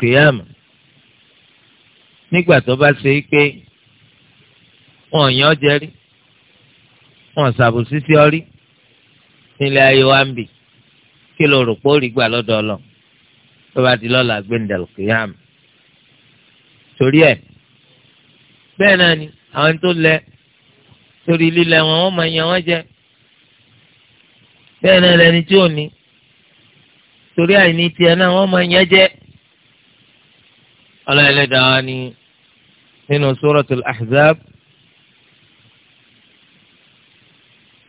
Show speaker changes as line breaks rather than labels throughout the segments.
alkiyama nígbà tó bá ṣe é pé wọn yàn ọ́ jẹ́rí wọn ṣàbòsí sí ọ rí nílẹ̀ ayé wa ń bì kí ló rò pé ó rí gbà lọ́dọ̀ ọlọ tó bá di lọ́la gbẹ̀ǹdà alkiyama torí ẹ̀ bẹ́ẹ̀ náà ni àwọn tó lẹ torí lílẹ̀ wọn wọ́n máa yan wọ́n jẹ bẹ́ẹ̀ náà lẹni tí ò ní torí àìní tiẹ̀ náà wọ́n máa yan jẹ́ ọlọ́ọ̀lẹ́dàá ni nínú suratul ahzab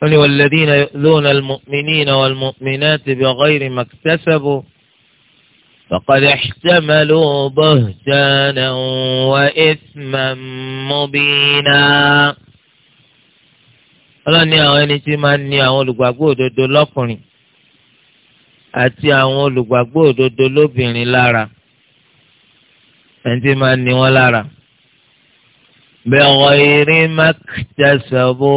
ó ní walladhina yu'dhuna al-mu'minina wal-mu'minati bighayri maktasabu faqad ihtamalu buhtanan wa ithman mubina ọlọ́ni àwọn ẹni tí máa ń ní àwọn olùgbàgbọ́ òdodo lọ́kùnrin àti àwọn olùgbàgbọ́ òdodo lóbìnrin lára. La ẹni tí máa ní wọn lára. bẹ̀rọ̀ eré mákìtàṣàbò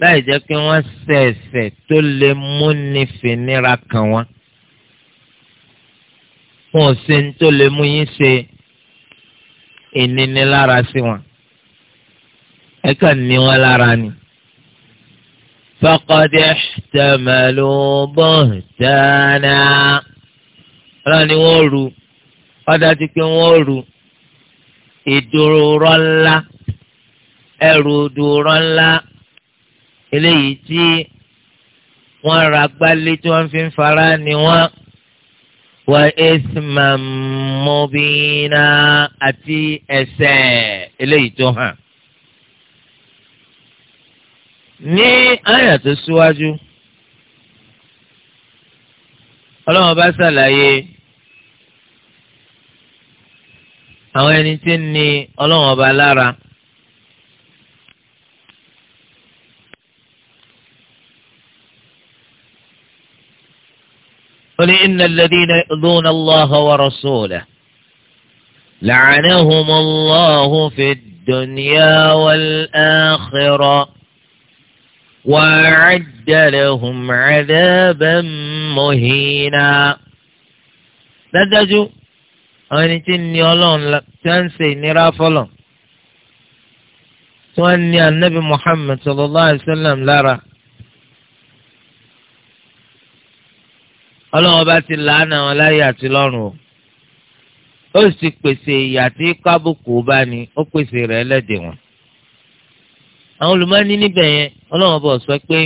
láì jẹ́ kí wọ́n ṣẹ̀ṣẹ̀ tó lè múni fìnira kàn wọ́n. wọn ò ṣe ní tó lè mú yín ṣe ìnínilára sí wọn. ẹ kàn ní wọn lára ni. فقد احتملوا بهتانا. ọlọ́run ni wọ́n rú ọdájú pé wọ́n rù ìdúró ńlá ẹrù ìdúró ńlá eléyìí tí wọ́n ra gbálé tí wọ́n fi ń fara ni wọ́n wà isman mubina àti ẹ̀ṣẹ̀ eléyìí tó hàn. ní àyà tó síwájú ọlọ́run ṣàlàyé. àwọn ẹni tí ń ni ọlọ́run ọba lára. قل إن الذين يؤذون الله ورسوله لعنهم الله في الدنيا والآخرة وأعد لهم عذابا مهينا dájú àwọn ẹni tí ń ní ọlọ́run tí wọ́n ń ṣe ìnira fọlọ̀ tí wọ́n ní anabi muhammed sallallahu alayhi wa sallam lára ọlọ́run ọba ti làánà wọn láyé àti o ó sì pèsè ìyà tí kábùkù bá ní ó pèsè rẹ̀ lẹ́dẹ̀ wọn. àwọn olùmọ́ni níbẹ̀ yẹn ọlọ́run ọba sọ pé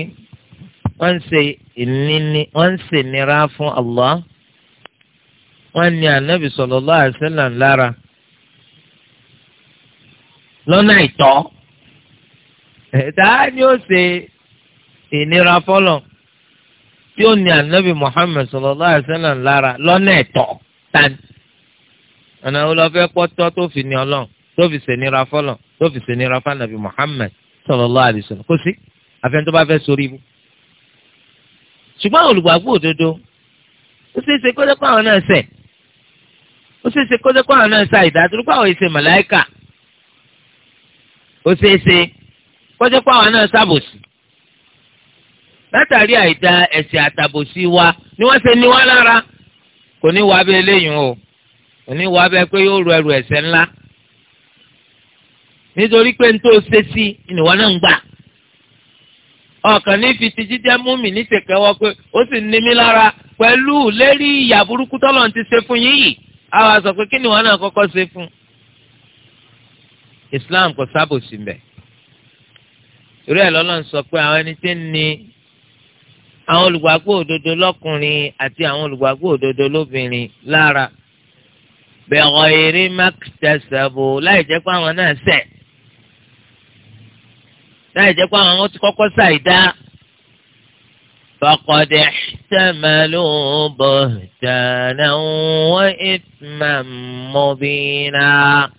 wọ́n ń wọ́n ní ànábì sallallahu alaihi wasallam lára lọ́nà ìtọ́ ẹ̀dá ni ó ṣe ìnira fọlọ̀ tí ó ní ànábì Muhammad sallallahu alaihi wasallam lára lọ́nà ìtọ́ tani ọ̀nà olọ́fẹ́ pọ́tọ́ tó fi ní ọlọ́run tó fi ṣènira fọlọ̀ tó fi ṣènira fànàbì Muhammad sallallahu alaihi wasallam kò sí àfẹn tó bá fẹ́ sórí ibu ṣùgbọ́n olùgbàgbọ́ òdodo ó ṣeé ṣe kó lẹ́kọ̀ọ́ àwọn náà ṣẹ̀ ó ṣeé ṣe kó sẹ́kọ̀ọ́ àwọn náà ṣàì dàdúró pé àwọn èsè màláìkà ó ṣeé ṣe kó sẹ́kọ̀ọ́ àwọn náà ṣàbòsí látàrí àìda ẹ̀sìn àtàbòsí wa ni wọ́n ṣe ní wá lára kò ní wá bẹ́ẹ̀ léyìn o kò ní wá bẹ́ẹ̀ pé yóò ru ẹrù ẹ̀ṣẹ̀ ńlá nítorí pé nítorí ṣe sí ìnìwọ́n náà ń gbà ọkàn ní fìtì jíjẹ mú mi ní tẹkẹwọ pé ó sì ní mi lára pẹ̀lú lérí ìyà burúkú tọ́lọ̀ ti ṣe fún yín yìí àwa sọ pé kí ni wọn náà kọ́kọ́ ṣe fún Islam kò sábòsí mbẹ torí ẹ lọ́lọ́run sọ pé àwọn ẹni tí ń ni àwọn olùgbàgbọ́ òdodo lọ́kùnrin àti àwọn olùgbàgbọ́ òdodo lóbìnrin lára bẹ̀rọ eré mákìtẹ̀sẹ̀bù láì jẹ́ pé àwọn náà ṣẹ̀ láì jẹ́ pé àwọn ti kọ́kọ́ ṣàìdá. فقد احتملوا بهتانا وإثما مبينا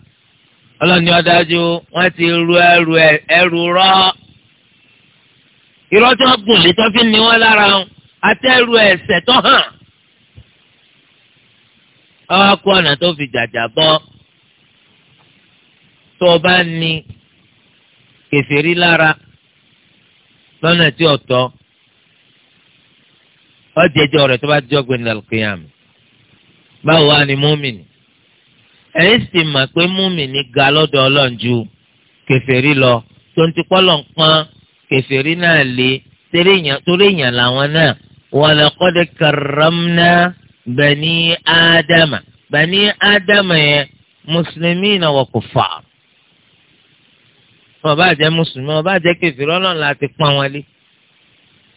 ọlọ́ni ọ̀dájú wọ́n ti ru ẹrù
ẹrù rọ́ irọ́ tó gùn létọ́ fi ni wọ́n lára wọn àtẹ́rù ẹ̀ṣẹ̀ tó hàn ọwọ́ kú ọ̀nà tó fi jàjà bọ́ tó o bá ní kèfèrí lára lọ́nà tí ọ̀tọ̀ ọjẹjọ rẹ tó bá jọ gbẹni alukiyam báwo wá ni múmìnì ẹ̀yin sì mà pé múmìnì ga lọ́dọ̀ Ọlọ́run ju kèfèrí lọ tó ń ti pọlọ ń pọn kèfèrí náà lé torí èèyàn làwọn náà wọn lè kọ́dé karamna bani ádámà bani ádámà yẹn mùsùlùmí náà wọ kufar wọn bá jẹ mùsùlùmí wọn bá jẹ kèfèrí Ọlọ́run láti pọn wọn lé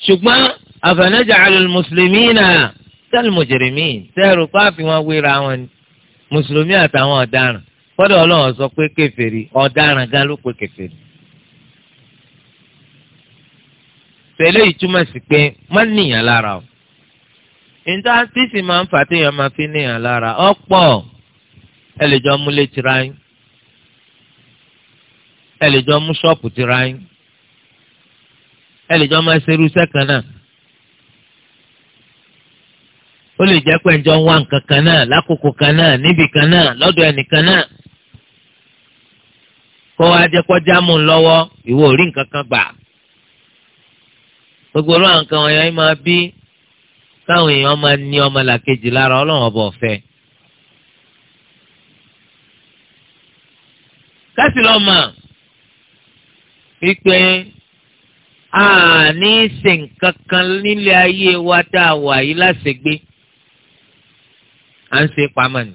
ṣùgbọ́n afanaja'alu al-muslimina kal-mujrimin sẹ́rù kó àfihàn wéra wọn ni mùsùlùmí àtàwọn ọ̀daràn fọ́dọ̀ ọlọ́run sọ pé kèfèrí ọ̀daràn gan ló pé kèfèrí. tẹ́lẹ̀ ìtumọ̀ sí pé má níyàn lára o níta tíìsì máa ń fà máa fi níyàn lára ọ̀pọ̀ ẹ lè jọ tira yín ẹ mú ṣọ́ọ̀pù tira yín ẹ máa ṣerú sẹ́kàn ó lè jẹ́ pé ẹ̀jọ̀ ń wá nǹkan kan náà lákòókò kan náà níbì kan náà lọ́dọ̀ ẹnìkan náà kó wá jẹ́ kó jámù lọ́wọ́ ìwọ ò rí nǹkan kan gbà. gbogbo olú àwọn kan wọ̀nyẹn máa bí káwọn èèyàn máa ní ọmọ làkejì lára ọlọ́run ọba ọ̀fẹ́. kásì lọ mọ̀ wípé a ṣe nǹkan kan nílé ayé wa tá a wà yìí à ń ṣe pamọ́ ni.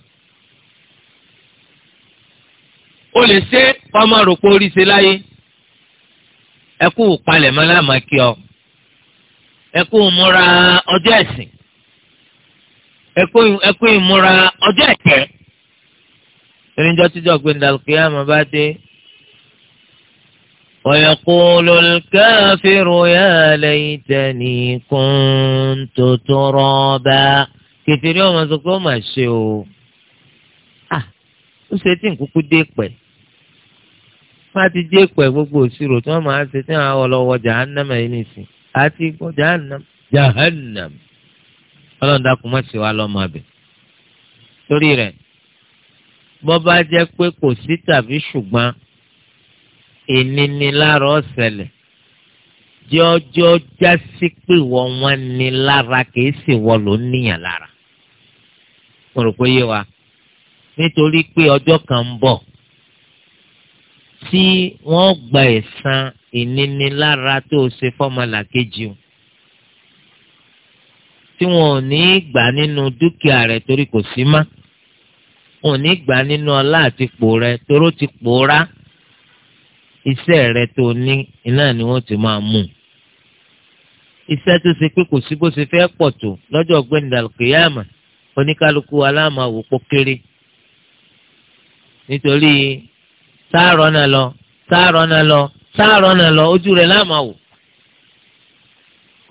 o lè ṣe kọ́mọ rò pé orí ṣe láyé ẹ kú palẹ̀ mọ́ láàmú kí ọ ẹ kú múra ọjọ́ ẹ̀sìn ẹ kú ìmúra ọjọ́ ẹ̀tẹ́ eréńjọ́ tíjọ́ gbẹ̀ndàlùkì àmọ́ bá dé. ويقول الكافر يا ليتني كنت ترابا kẹtẹrí ọmọ sọ pé ó mà ṣe o ah ó ṣe tí nkúkú dé pẹ́ wọn ti dé pẹ́ gbogbo òṣìrò tí wọn máa ṣe tí wọn àwọn ọlọwọ jahannama yìí nìsín àti ìgbọ jahannam
jahannam
Ọlọ́run dákun má ṣe wá lọ́mọ abẹ torí rẹ̀ bó bá jẹ́ pé kò sí tàbí ṣùgbọ́n ìnínilára ọ̀sẹ̀lẹ̀ jọjọ jásí pé wọ́n wọ́n ní lára kìí sì wọ́n ló níyàn lára mo rò pé yé wa nítorí pé ọjọ́ kan ń bọ̀ tí wọ́n gba ẹ̀san ìnínilára tó o ṣe fọ́mọlàkejì o tí wọn ò ní í gbà nínú dúkìá rẹ torí kò sí má wọn ò ní í gbà nínú ọlá àti pò rẹ toró ti pòórá iṣẹ́ rẹ tó ní iná ni wọ́n ti máa mú iṣẹ́ tó ṣe pé kò sí bó ṣe fẹ́ pọ̀ tó lọ́jọ́ ọ̀gbẹ́ni dàlùkìyàmà oníkálukú aláàmàwò pọ̀ kéré nítorí sáàrọ̀ náà lọ sáàrọ̀ náà lọ sáàrọ̀ náà lọ ojú rẹ̀ láàmàwò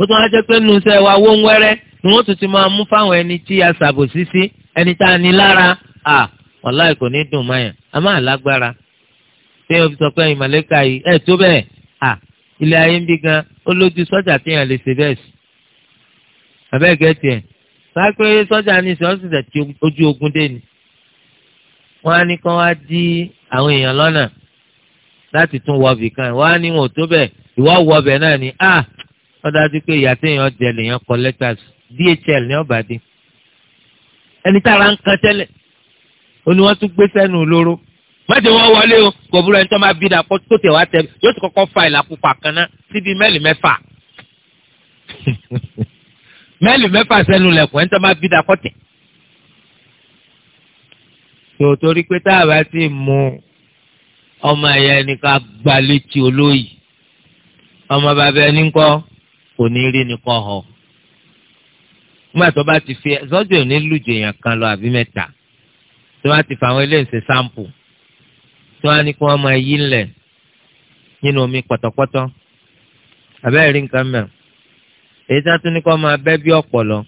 ó tún jẹ́ pé nínú wa wó ń wẹ́rẹ́ ni wọ́n tún ti máa mú fáwọn ẹni tí a ṣàbòsí sí ẹni tá a ní lára à wàláì kò ní dùn máyà a máa lágbára ṣé o fi sọ pé ìmọ̀lẹ́ka yìí ẹ̀ tó bẹ́ẹ̀ à ilé ayé ń bí gan ó lójú sọ́jà téèyàn lè ṣe bẹ́ẹ̀ sí abẹ́ẹ̀gẹ́ tiẹ̀ báyìí pé sọ́jà ní ìsìn ọ̀sìn tẹ̀ ojú ogun dé ni wọ́n á ní kán wá dí àwọn èèyàn lọ́nà láti tún wọ bìkan wọ́n á ní wọn ò tó bẹ̀ ìwọ́ wọ bẹ̀ náà ni a ah! wọ́n dájú pé ìyá téèyàn jẹ lèèyàn kọ lẹ́tàs DHL ní ọ̀bàdì ẹni tára ń kan tẹ́lẹ̀ ó ní wọ́n tún gbé sẹ́nu olóró mọ̀tẹ́ wọ́n wọlé o kò burú ẹni tó máa bí dà kó tẹ̀ wá tẹ̀ yóò ti kọ́kọ́ fa ìlà kan náà síbi mẹ́lì mẹ́fà mẹ́lì mẹ́fà sẹ́nu lẹ̀kùn ẹ̀ńtọ́ máa bí dakọ́tẹ̀. tó torí pé tá a bá ti mú ọmọ ẹ̀yà ẹnìkan gbalẹ̀tì olóyè ọmọ bàbá ẹni ńkọ́ kò ní rí nìkan họ. nígbà tó bá ti fi zọ́jọ́ ní lùjọ èèyàn kan lọ àbí mẹ́ta tí wọ́n ti fa àwọn eléyìí ṣe sáǹpù tí wọ́n á ní kí wọ́n máa yí ńlẹ̀ nínú omi pọ̀tọ̀pọ̀tọ̀ àbẹ́rẹ́ rí nǹkan mẹ́rin èyí tí wọ́n tún ní kọ́ máa bẹ́ bí ọ̀pọ̀lọ́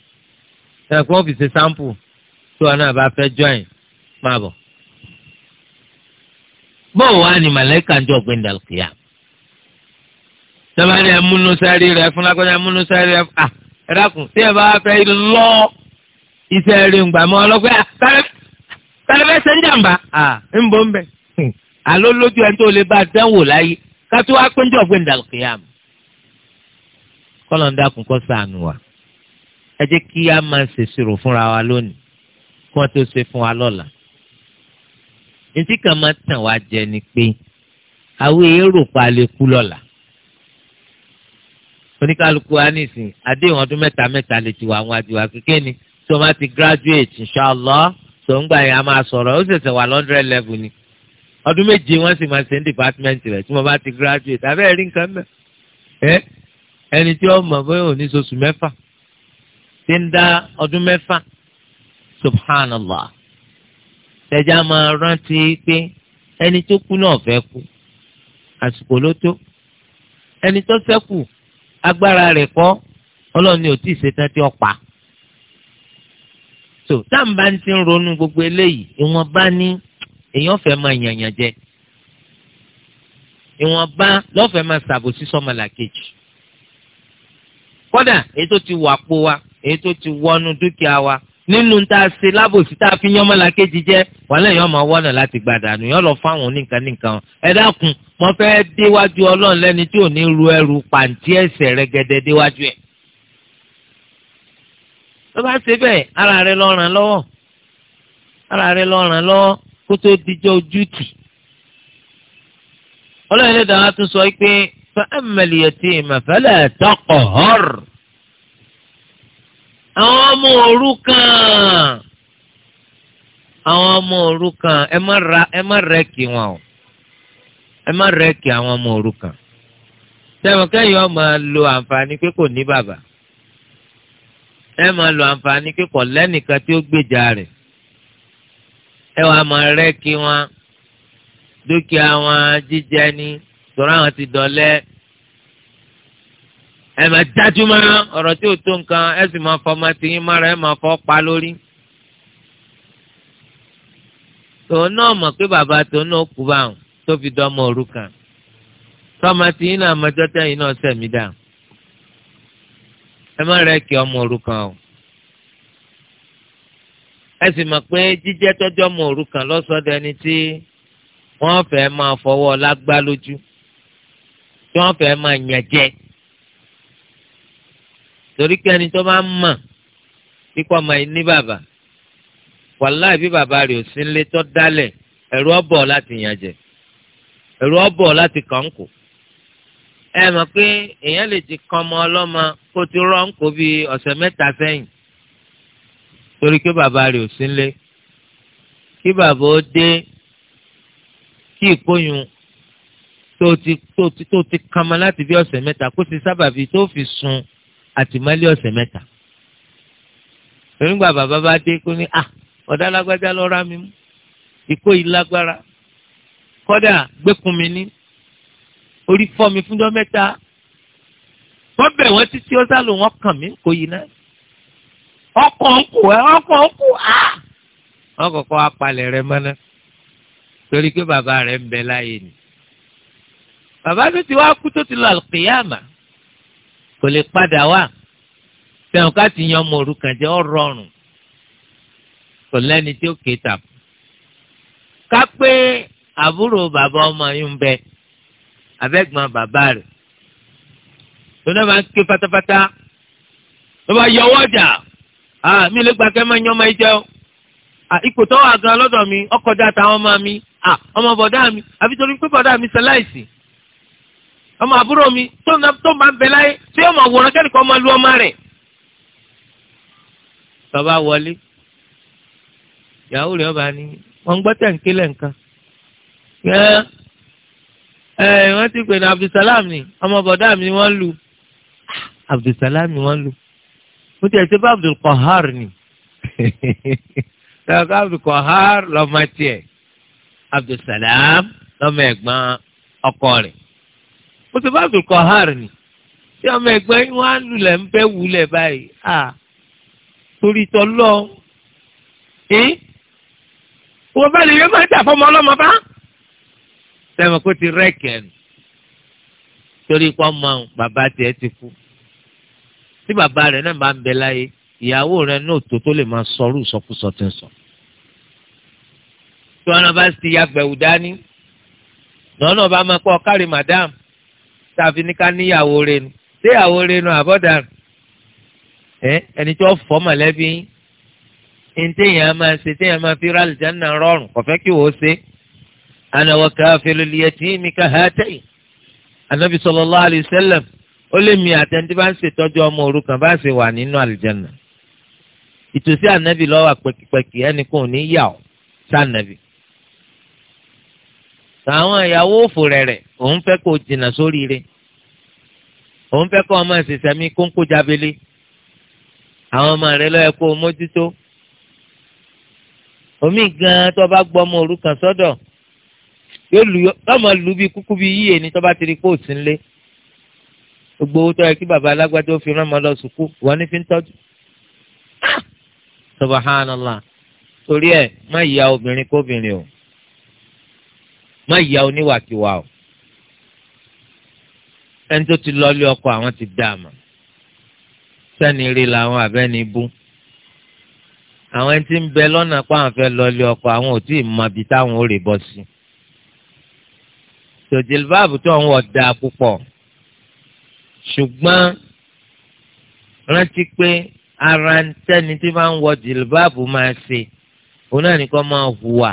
ẹ̀ fún ọ́fíìsì tí wọn náà bá fẹ́ join máa bọ̀. bọ́ọ̀ wá ní màlẹ́kà ń jọ gbẹ̀ndà kìá. sábàá ní amúnúsárì rẹ̀ fún lágbájá amúnúsárì rẹ̀ à ah, ẹ dákun tí ẹ bá fẹ́ lọ iṣẹ́ rẹ̀ ńgbà mọ́ ọlọ́gbẹ́ kálífẹ́ ah, ṣe ń jàǹbá à ah, ń bọ̀ ń bẹ̀. àló lójú ẹ̀ tó lè bá a dánwò láyé ká tó wá pé ń jọ gbẹ̀ndà kìá mi kọ́lọ́n dákun kọ́ sànù wa ẹ jẹ́ kí a máa ṣèṣirò fúnra wa lónìí kí wọ́n tó ṣe fún wa lọ́la etí kan máa tàn wá jẹ ni pé àwọn èrò pa kú lọ́la oníkálukú wa nìsín àdéhùn ọdún mẹ́ta mẹ́ta lè ti wà àwọn àdìwà kékeré ni tó máa ti graduate inshallah tó ń gbà yẹn a máa sọ̀rọ̀ ó ṣẹ̀ṣẹ̀ wà lọ́ndrẹ́ level ni ọdún méje wọ́n sì máa ṣe ní department rẹ̀ tí mo bá ti graduate abẹ́rẹ́ rí nǹkan mẹ́ ẹni tí ó mọ̀ bóyá òní oṣù mẹ́fà ti ń dá ọdún mẹ́fà subhanallah tẹ̀jà máa rántí pé ẹni tó kú náà fẹ́ kú àsìkò ló tó ẹni tó ṣẹ́kù agbára rẹ̀ kọ́ ọlọ́ni ò tí ṣetán tí ó pa so táǹbà ń ti ń ronú gbogbo eléyìí ìwọ̀n bá ní èèyàn fẹ́ máa yànyàn jẹ ìwọ̀n bá lọ́fẹ̀ẹ́ máa ṣàbòsí sọ́mọlà kejì. So, Kọ́dà èyí tó ti wà pò wa èyí tó ti wọnú dúkìá wa nínú tá a ṣe lábòsí tá a fi yán ọmọlàkejì jẹ wọn lẹ́yìn máa wọnà láti gbàdánù yọ lọ fáwọn oníkan nìkan ẹ dákun mo fẹ́ déwájú Ọlọ́run lẹ́ni tí ò ní ru ẹrù pàǹtí ẹsẹ̀ rẹ̀gẹ̀dẹ̀ déwájú ẹ̀. tó bá ṣe bẹ́ẹ̀ ara rẹ̀ lọ ràn lọ́wọ́ ara rẹ̀ lọ ràn lọ́wọ́ kó tó dijọ́ ojútì Ọlọ́run lè dáná tún sọ pé. فأما اليتيم فلا تقهر
àwọn ọmọ òrukàn
àwọn ọmọ òrukàn ẹ má ra ẹ má rẹ́ẹ̀kì wọn o ẹ má rẹ́ẹ̀kì àwọn ọmọ òrukàn sẹ́wọ̀n kẹ́yìn ọmọ lo àǹfààní pé kò ní bàbá ẹ máa lo àǹfààní pé kò lẹ́nìkan tí ó gbèjà rẹ̀ ẹ wàá máa rẹ́ẹ̀kì wọn dúkìá wọn jíjẹ ní tọ́ra àwọn ti dọ̀lẹ́ ẹ máa dájú mọ́ ọ̀rọ̀ tí ò tó nǹkan ẹ sì máa fọ́ máa ti yín mọ́ra ẹ máa fọ́ pa lórí. tòun náà mọ̀ pé bàbá tòun náà kú báwọn tó fi dọ́mọ òrukàn tọ́mọ tí yín náà mọ́jọ́ tẹ́yìn náà sẹ̀mí dà ẹ má rẹ̀ kí ọmọ òrukàn o ẹ sì mọ̀ pé jíjẹ́ tọ́jọ́ ọmọ òrukàn lọ́sọ̀dọ̀ ẹni tí wọ́n fẹ́ máa fọwọ́ lágbá lójú tí wọ́n fẹ́ máa yàn jẹ torí pé ẹni tó bá ń mọ̀ kíkọ́ ọmọ yìí ní bàbá wàláì bí bàbá rẹ̀ ò sí nílé tó dálẹ̀ ẹ̀rù ọ̀bọ̀ láti yàn jẹ ẹ̀rù ọ̀bọ̀ láti kàn kù ẹ mọ̀ pé èèyàn lè ti kọ́ ọmọ ọlọ́mọ kó ti rọ́ ń bí ọ̀sẹ̀ mẹ́ta sẹ́yìn torí pé bàbá rẹ̀ ò sí nílé kí bàbá ó dé kí ìkóyún tó ti tó ti tó ti kama láti bí ọ̀sẹ̀ mẹ́ta kó ti sábàbí tó fi sun àtìmọ́lé ọ̀sẹ̀ mẹ́ta. onígbà bàbá bá dé kó ní à ah, ọ̀dà lágbájá lọ́ra mi mú ìkó yìí lágbára kọ́dà gbẹ́kun mi ní orí fọ́ mi fúnjọ́ mẹ́ta wọ́n bẹ̀ wọ́n títí ó sálò wọ́n kàn mí kó yìí náà ọkọ̀ ń kù ẹ́ ọkọ̀ ń kù á. Ah! wọ́n kọ́kọ́ apalẹ̀ rẹ mọ́ná torí pé bàbá rẹ̀ ń bẹ láyé ni bàbá tó ti wá kú tó ti lọ àlùkìyàmà kò lè padà wá sẹ́wọ̀n ká ti yan ọmọ òrukàn jẹ́ ó rọrùn kò lẹ́ni tí ó ké tà. ká pé àbúrò bàbá ọmọ yìí ń bẹ abẹ́gbọ́n bàbá rẹ̀ lónà máa ń ké pátápátá ló bá yọ ọwọ́ ọjà mi lè gba kẹ́ máa yan ọmọ yìí jẹ́ o ipò tó wà gan lọ́dọ̀ mi ọkọ̀ dá ọmọ mi ọmọ bọ̀dá mi àfi torí pé bọ̀dá mi ṣe ọmọ àbúrò mi tó máa ń bẹ láyé tí ọmọ àwòrán kẹ́nìkan máa lu ọmọ rẹ̀. bàbá wọlé ìyàwó rẹ̀ ọba ni wọ́n gbọ́ tẹ̀ nǹkan. ẹ wọ́n ti pè ní Abdulsalam ni ọmọ bọ̀dá mi wọ́n lu Abdulsalam ni wọ́n lu mo ti ẹ̀ ṣe bá Abdulqahar ni ṣàkóso Abdulqahar lọ́mọ tiẹ̀ Abdulsalam lọ́mọ ẹ̀gbọ́n ọkọ rẹ̀ mo ti bá dùn kọ́ hàn ní tí ọmọ ẹgbẹ́ wọn á lulẹ̀ ń bẹ́ wulẹ̀ báyìí à torí tọ́lọ́ ẹ́ wọ́n bá lè yẹ máa jà fọmọ ọlọ́mọ bá sẹ́mi kó ti rẹ́kẹ̀ẹ́n torí kọ́ mọ bàbá tiẹ̀ ti kú tí bàbá rẹ̀ náà bá ń bẹ láyé ìyàwó rẹ̀ náà tó tó lè máa sọrú ìsọkúsọ tí ń sọ tí wọn bá ti yàgbẹ̀wò dání lọ́nà bá máa kọ́ kárí madam t'afinika ní ká níyàwó rẹ nu ṣé rẹ nu àbọ̀dà ẹ ẹni tí wọ́n fọ́ mọ̀lẹ́bí ní téèyàn ṣe fi ra rọrùn kò fẹ́ kí wọ́n ṣe ana wa kafilul yatimi ka hatayi anabi ó lé mi bá ń tọ́jú ọmọ òrukàn bá ṣe wà nínú nà. ìtòsí lọ́wọ́ òun fẹ́ kọ́ ọmọ ìṣẹ̀ṣẹ̀ mi kó ń kó jábele àwọn ọmọ rẹ lọ́yẹ kó o mójútó omi gan tó bá gbọ́ ọmọ òrukàn sọ́dọ̀ yóò lu ọmọ lu bíi kúkú bíi yíyẹ ni tó bá ti rí kó o sí nílé gbogbo owó tó yẹ kí bàbá alágbádá ó fi rán ọmọ lọ sùkú wọn ní fi ń tọ́jú subhanallah torí ẹ má yà obìnrin kóbìnrin o má yà oníwàkiwà o ẹni tó ti lọ́ọ́lé ọkọ àwọn ti dá a mọ̀ sẹ́ni rí làwọn àbẹ́ni bú àwọn ẹni tí ń bẹ lọ́nà pa àwọn fẹ́ lọ́ọ́lé ọkọ àwọn ò tí ì mọ ibi táwọn ò rè bọ́ sí. tòjìlbáàbù tó ń wọ̀ da púpọ̀ ṣùgbọ́n rántí pé ara ń tẹ́ni tí máa ń wọ jìlbáàbù máa ṣe òun náà nìkan máa hùwà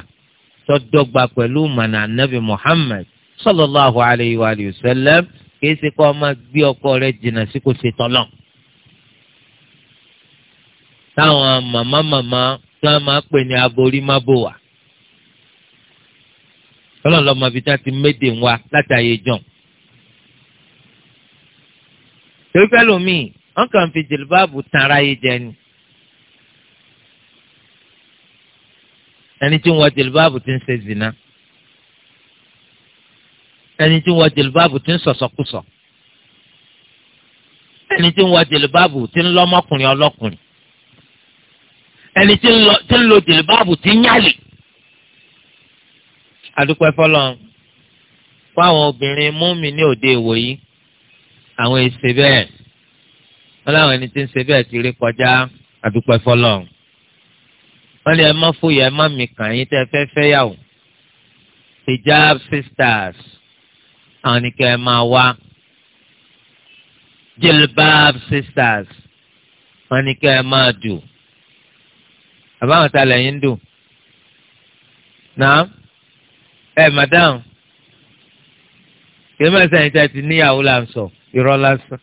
tó dọ́gba pẹ̀lú mọ̀nà ànábì Muhammad sallallahu alayhi wa sallam kìí ṣe kó o máa gbé ọkọ rẹ jìnnà sí kò ṣe tọ́lọ̀. táwọn màmá màmá tí wọ́n máa pè ní agorí má bò wá. tọ́lọ̀ lọ́mọ ibi tí wọ́n ti méde ń wá látàyè jọ̀n. torí pẹ́ lómìn wọ́n kàn fi jìlbáàbù tan ara yé jẹ ni. ẹni tí ń wọ ti ń ṣe zina ẹni tí ń wọ jìlbáàbù ti ń sọ̀sọ̀kùsọ̀ ẹni tí ń wọ jìlbáàbù ti ń lọ́mọkùnrin ọlọ́kùnrin ẹni tí ń lo jìlbáàbù ti ń yálè. adúpẹ́ fọlọ́n fún àwọn obìnrin múmi ní òde ìwò yìí àwọn èsè bẹ́ẹ̀ wọ́n láwọn ẹni tí ń ṣe bẹ́ẹ̀ ti rí kọjá adúpẹ́ fọlọ́n wọ́n lé ẹ má fòyà ẹ má mìkàn yín tẹ́ fẹ́ fẹ́ yàwó hijab sisters àwọn ni kẹ́ ẹ máa wá jilbab sisters wọ́n ní kẹ́ ẹ máa dù àbáwọn ta lẹ́yìn dù náà ẹ madam kìí mẹ́sàn-án yìí tẹ́tí níyàwó là ń sọ irọ́ lásán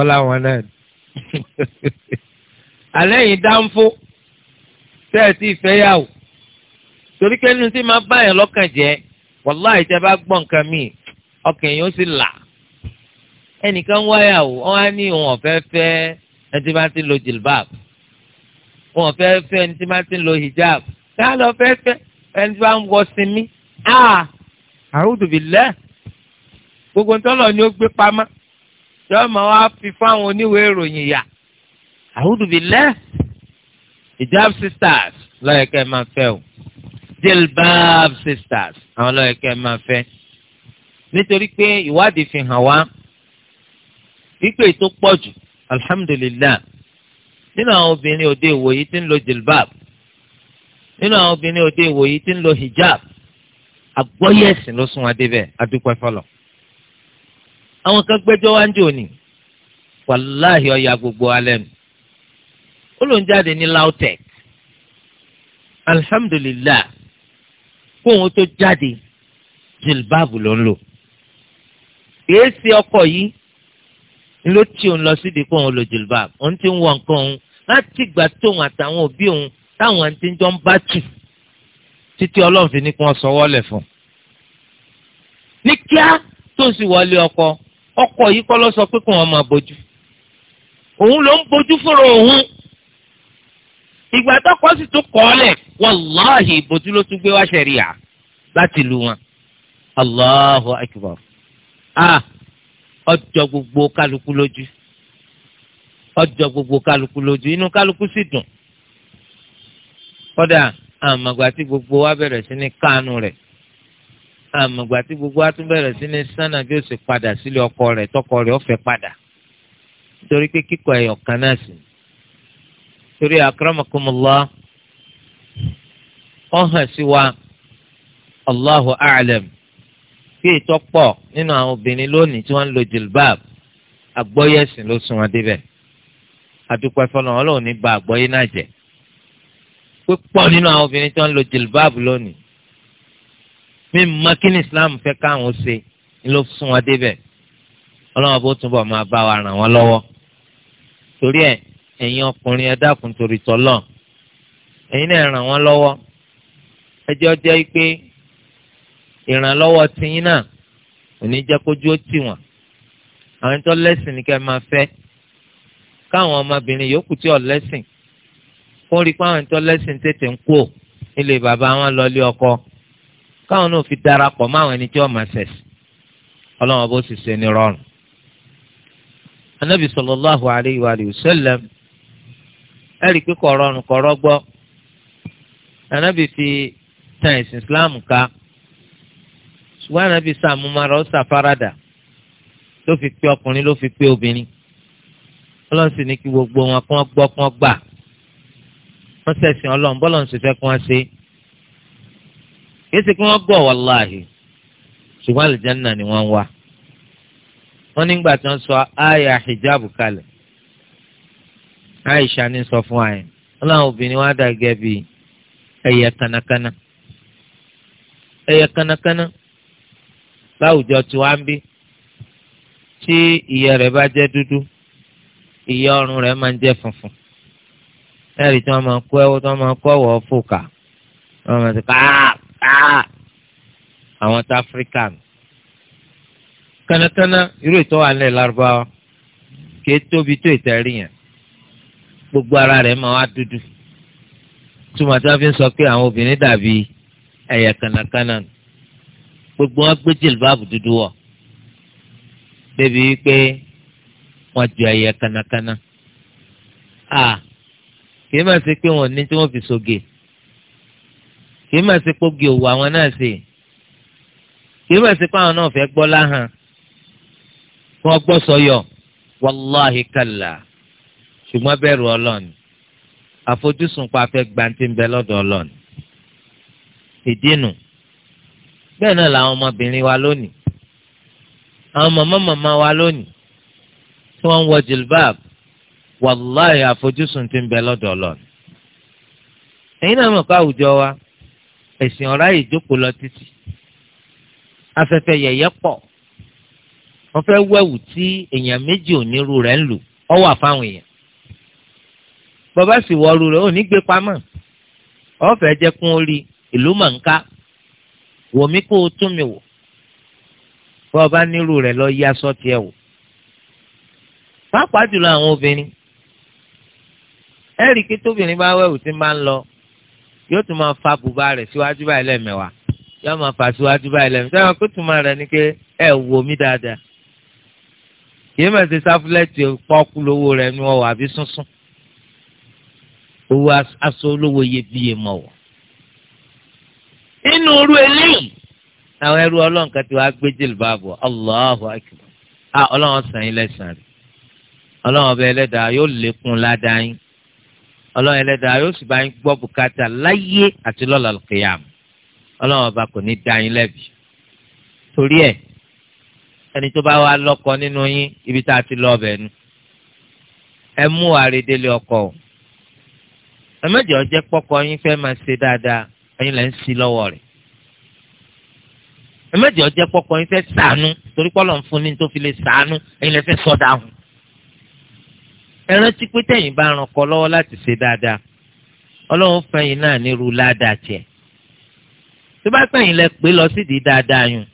ọlá wọn náà ni alẹ́ yìí dánfó tẹ́ẹ̀tì ìfẹ́yàwó torí pé nínú tí máa bá yẹn lọ́kàn jẹ́ wàláhì tẹ́ bá gbọ́ nǹkan míì ọkàn yìí ó sì là ẹnìkan wáyà o wọn á ní òun ọ̀fẹ́ fẹ́ ẹni tí bá ti lo jilbab òun ọ̀fẹ́ fẹ́ ẹni tí bá ti lo hijab ká lọ fẹ́ fẹ́ ẹni tí bá ń wọ sinmi a a'udhu billah gbogbo ntọ́lọ̀ ni ó gbé pamọ́ yọ ma wá fi fáwọn oníwèé ìròyìn yà a'udhu billah hijab sisters lọ́yẹ̀kẹ́ máa fẹ́ o jilbab sisters àwọn lọ́yẹ̀kẹ́ máa fẹ́ nítorí pé ìwádìí fi hàn wá pípé tó pọ̀ jù alhamdulilayi nínú àwọn obìnrin òde ìwòyí tí ń lo jilbab nínú àwọn obìnrin òde ìwòyí tí ń lo hijab àgbọ́yé ẹ̀sìn ló sún wa débẹ̀ adúpẹ́ fọlọ̀. àwọn kan gbẹ́jọ́ wá ń jò ní wàláhì ọ̀yà gbogbo alẹ́ nu ó ló ń jáde ní lautech alhamdulilayi kóun tó jáde jilbab ló ń lò kìí ṣe ọkọ yìí ló tí òun lọ sídìí pé òun lò jìlbáàbù òun ti ń wọ nǹkan òun láti ìgbà tóun àtàwọn òbí òun táwọn àti ń jọ ń bá tù títí ọlọ́run fi ní kí wọ́n sọwọ́ lẹ̀ fún un. ní kíá tó ń sì wọlé ọkọ ọkọ yìí kọ́ lọ sọ pé kí wọ́n máa bójú òun ló ń bójú fúnra òun ìgbà tọkọ sì tún kọ́ ọ́lẹ̀ wàláhì ìbòjú ló tún gbé wá ṣẹ̀ríà láti lu wọn. Allahu akbar a ah, ọjọ́ gbogbo kálukú lójú ọjọ́ gbogbo kálukú lójú inú kálukú sì dùn kódà àmàgbà gbogbo wa bẹ̀rẹ̀ sí ní kánú rẹ̀ àmàgbà gbogbo wa tún bẹ̀rẹ̀ sí ní sánà bí ó sì padà sílé ọkọ rẹ̀ tọkọ rẹ̀ ó fẹ́ padà torí pé kíkọ ẹ̀yọ̀ kan náà sì torí akramakumullah ó sí wa Allahu a'lam. bí ètò pọ̀ nínú àwọn obìnrin lónìí tí wọ́n ń lo jilbab àgbọ́yẹ̀sìn ló sún wọn débẹ̀ àdúpẹ́ fọlọ́ wọn lòun ní ba àgbọ́yé náà jẹ́ pípọ̀ nínú àwọn obìnrin tí wọ́n ń lo jilbab lónìí mi mọ Islam fẹ́ káwọn ṣe ni ló sún wọn débẹ̀ ọlọ́wọ́n bó túbọ̀ máa bá wa ràn wọ́n lọ́wọ́ torí ẹ̀ ẹ̀yin ọkùnrin ẹ dákun torí tọ́lọ̀ ẹ̀yin náà ràn wọ́n lọ́wọ́ ẹjọ́ jẹ́ pé ìrànlọ́wọ́ tìyín náà òní jẹ́ kójú ó tì wọ́n àwọn ẹni tó lẹ́sìn ni kẹ́ ẹ máa fẹ́ káwọn ọmọbìnrin yòókù tí ò lẹ́sìn fún rí páwọn ẹni tó lẹ́sìn tètè ń kú ò nílé bàbá wọn lọlé ọkọ káwọn náà fi darapọ̀ mọ́ àwọn ẹni tí wọ́n máa ṣẹ̀sìn ọlọ́wọ́n bó sì ṣe ní rọrùn. anábì sallallahu alayhi wa sallam ẹ̀rí pé kọ̀ rọrùn kọ̀ rọgbọ́ anábì fi tan ẹ̀sìn islam ká ṣùgbọ́n ànábì sàmúmarà ó ṣàfaradà ló fi pé ọkùnrin ló fi pé obìnrin ọlọ́run sì ní kí gbogbo wọn kí wọ́n gbọ́ kí wọ́n gbà wọ́n ṣẹ̀sìn ọlọ́run bọ́lọ̀ ń sì kí wọ́n ṣe kìí ṣe kí wọ́n gbọ́ wàláhì ṣùgbọ́n àlìjánnà ni wọ́n ń wá wọ́n nígbà tí wọ́n sọ àyà hijabu kalẹ̀ Àìṣà ní sọ fún àyè ọlọ́run obìnrin wa dà gẹ́gẹ́ bíi ẹyẹ kanakana ẹyẹ kanakana láwùjọ tí wàá ń bí tí ìyẹ́ rẹ̀ bá jẹ́ dúdú ìyẹ́ ọrùn rẹ̀ máa ń jẹ́ funfun ẹ̀rì tí wọ́n máa kó ẹwọ́ tí wọ́n máa kó ọ̀wọ́ fòkà wọ́n máa ti káà káà àwọn tá African kánákáná irú ìtọ́ wà nílẹ̀ lárúbáwá kì tóbi tó ìtẹ́rì yẹn gbogbo ara rẹ̀ máa wá dúdú túmọ̀ tí wọ́n fi ń sọ pé àwọn obìnrin dàbí ẹ̀yà kánákáná nù gbogbo wọn gbé jìlbáàbù dúdú wọ̀ débi wípé wọn ju ẹyẹ kanakana a kìí máa ṣe pé wọn ní tí wọn fi soge kìí máa ṣe pé oge òwò àwọn náà ṣe kìí máa ṣe pé àwọn náà fẹ́ gbọ́ láhàn fún ọgbọ́ sọyọ wàláhì kàlà ṣùgbọ́n bẹ̀rù ọlọ́ọ̀ni àfojúsùn pa afẹ́ gbanti ń bẹ lọ́dọ̀ ọlọ́ọ̀ni ìdí nu bẹ́ẹ̀ náà làwọn ọmọbìnrin wa lónìí àwọn màmá màmá wa lónìí tí wọ́n ń wọ jilbab wàláì àfojúsùn ti ń bẹ lọ́dọ̀ Ọlọ́run ẹ̀yin náà mọ̀ pé àwùjọ wa ẹ̀sìn ọ̀rá yìí jókòó lọ títì afẹ́fẹ́ yẹ̀yẹ́ pọ̀ wọ́n fẹ́ wẹ̀wù tí èèyàn méjì onírú rẹ̀ ń lù ọ́ wà fáwọn èèyàn bàbá sì wọ́ọ́rù rẹ̀ ò ní gbé pamọ́ ọ̀fẹ́ jẹ́ kún orí ìlú mọ̀nká wò mí kó o tún mi wò bọ́ ọ bá nírú rẹ̀ lọ yí aṣọ tiẹ̀ wò pàápàá jùlọ àwọn obìnrin ẹ̀rí kí tóbìnrin bá wẹ̀wù tí máa ń lọ yóò tún máa fa bùbá rẹ̀ síwájú báyìí lẹ́mẹ̀wàá yóò máa fa síwájú báyìí lẹ́mẹ̀wàá sẹ́wọ̀n kó tún máa rẹ̀ ni pé ẹ wò mí dáadáa yìí mọ̀ sí sáfúlẹ́tì pọ́ọ́kú lówó rẹ̀ ni wọ́n wà bí owó aṣọ olówó iyebíye mọ̀ wọ̀ inú irú eléyìí àwọn ẹrú ọlọ́run kan ti wá gbé jìlbáàbù Allahu akbar a ọlọ́run sàn yín lẹ́sàn rẹ̀ ọlọ́run ọba ẹlẹ́dàá yóò lékún ládàá yín ọlọ́run ẹlẹ́dàá yóò sì bá yín gbọ́ bùkátà láyé àti lọ́la kìyàm ọlọ́run ọba kò ní dá yín lẹ́bi torí ẹ̀ ẹni tó bá wá lọ́kọ nínú yín ibi tá a ti lọ ọbẹ̀ nu ẹ mú àrédélé ọkọ ẹ mẹ́jọ jẹ́ pọ́kọ yín fẹ́ máa ṣe dáadáa ẹ̀yin lẹ́ ń sí lọ́wọ́ rẹ̀ ẹ̀mẹ́jọ jẹ́ pọ́pọ́ yín fẹ́ sànú torí pọ́lọ̀ ń fún ní tó fi lè sànú ẹ̀yin lẹ́ fẹ́ sọ́dà hùn ẹ rántí pé tẹ̀yìn bá ràn kọ́ lọ́wọ́ láti ṣe dáadáa ọlọ́run fẹ̀yìn náà nírú ládàá tiẹ̀ tó bá pẹ̀yìn lẹ pé lọ sídìí dáadáa yùn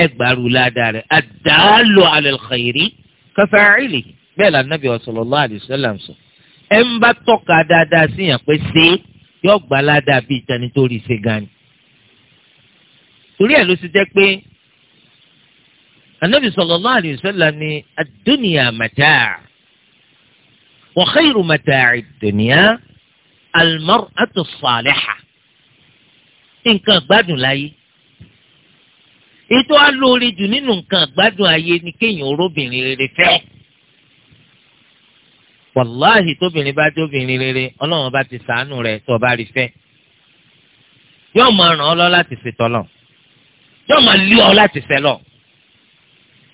ẹ gbàrú ládàá rẹ̀ àdáálò alẹ́ xèyírí kẹfẹ́rẹ́lì bẹ́ẹ̀ lànà bí sallallahu alaihi wasallam ẹ ń bá tọ́ka dáadáa síyàn pé ṣé yóò gbà ládàá bíi ìtàn nítorí ṣe gan ni. torí ẹ̀ ló ti jẹ́ pé anabi sallallahu alayhi wa sallam ni ad-dunya mata' wa khayru mata'i ad-dunya al-mar'atu as nǹkan gbádùn láyé ètò alóore jù nínú nǹkan gbádùn ayé ni kéèyàn orobìnrin rere fẹ́ wàláhì tóbìnrin bá jóbìnrin rere ọlọ́run bá ti sàánú rẹ̀ tó bá rí fẹ́ yóò máa ràn ọ́ lọ láti ṣètò lọ yóò máa lé ọ láti fẹ́ lọ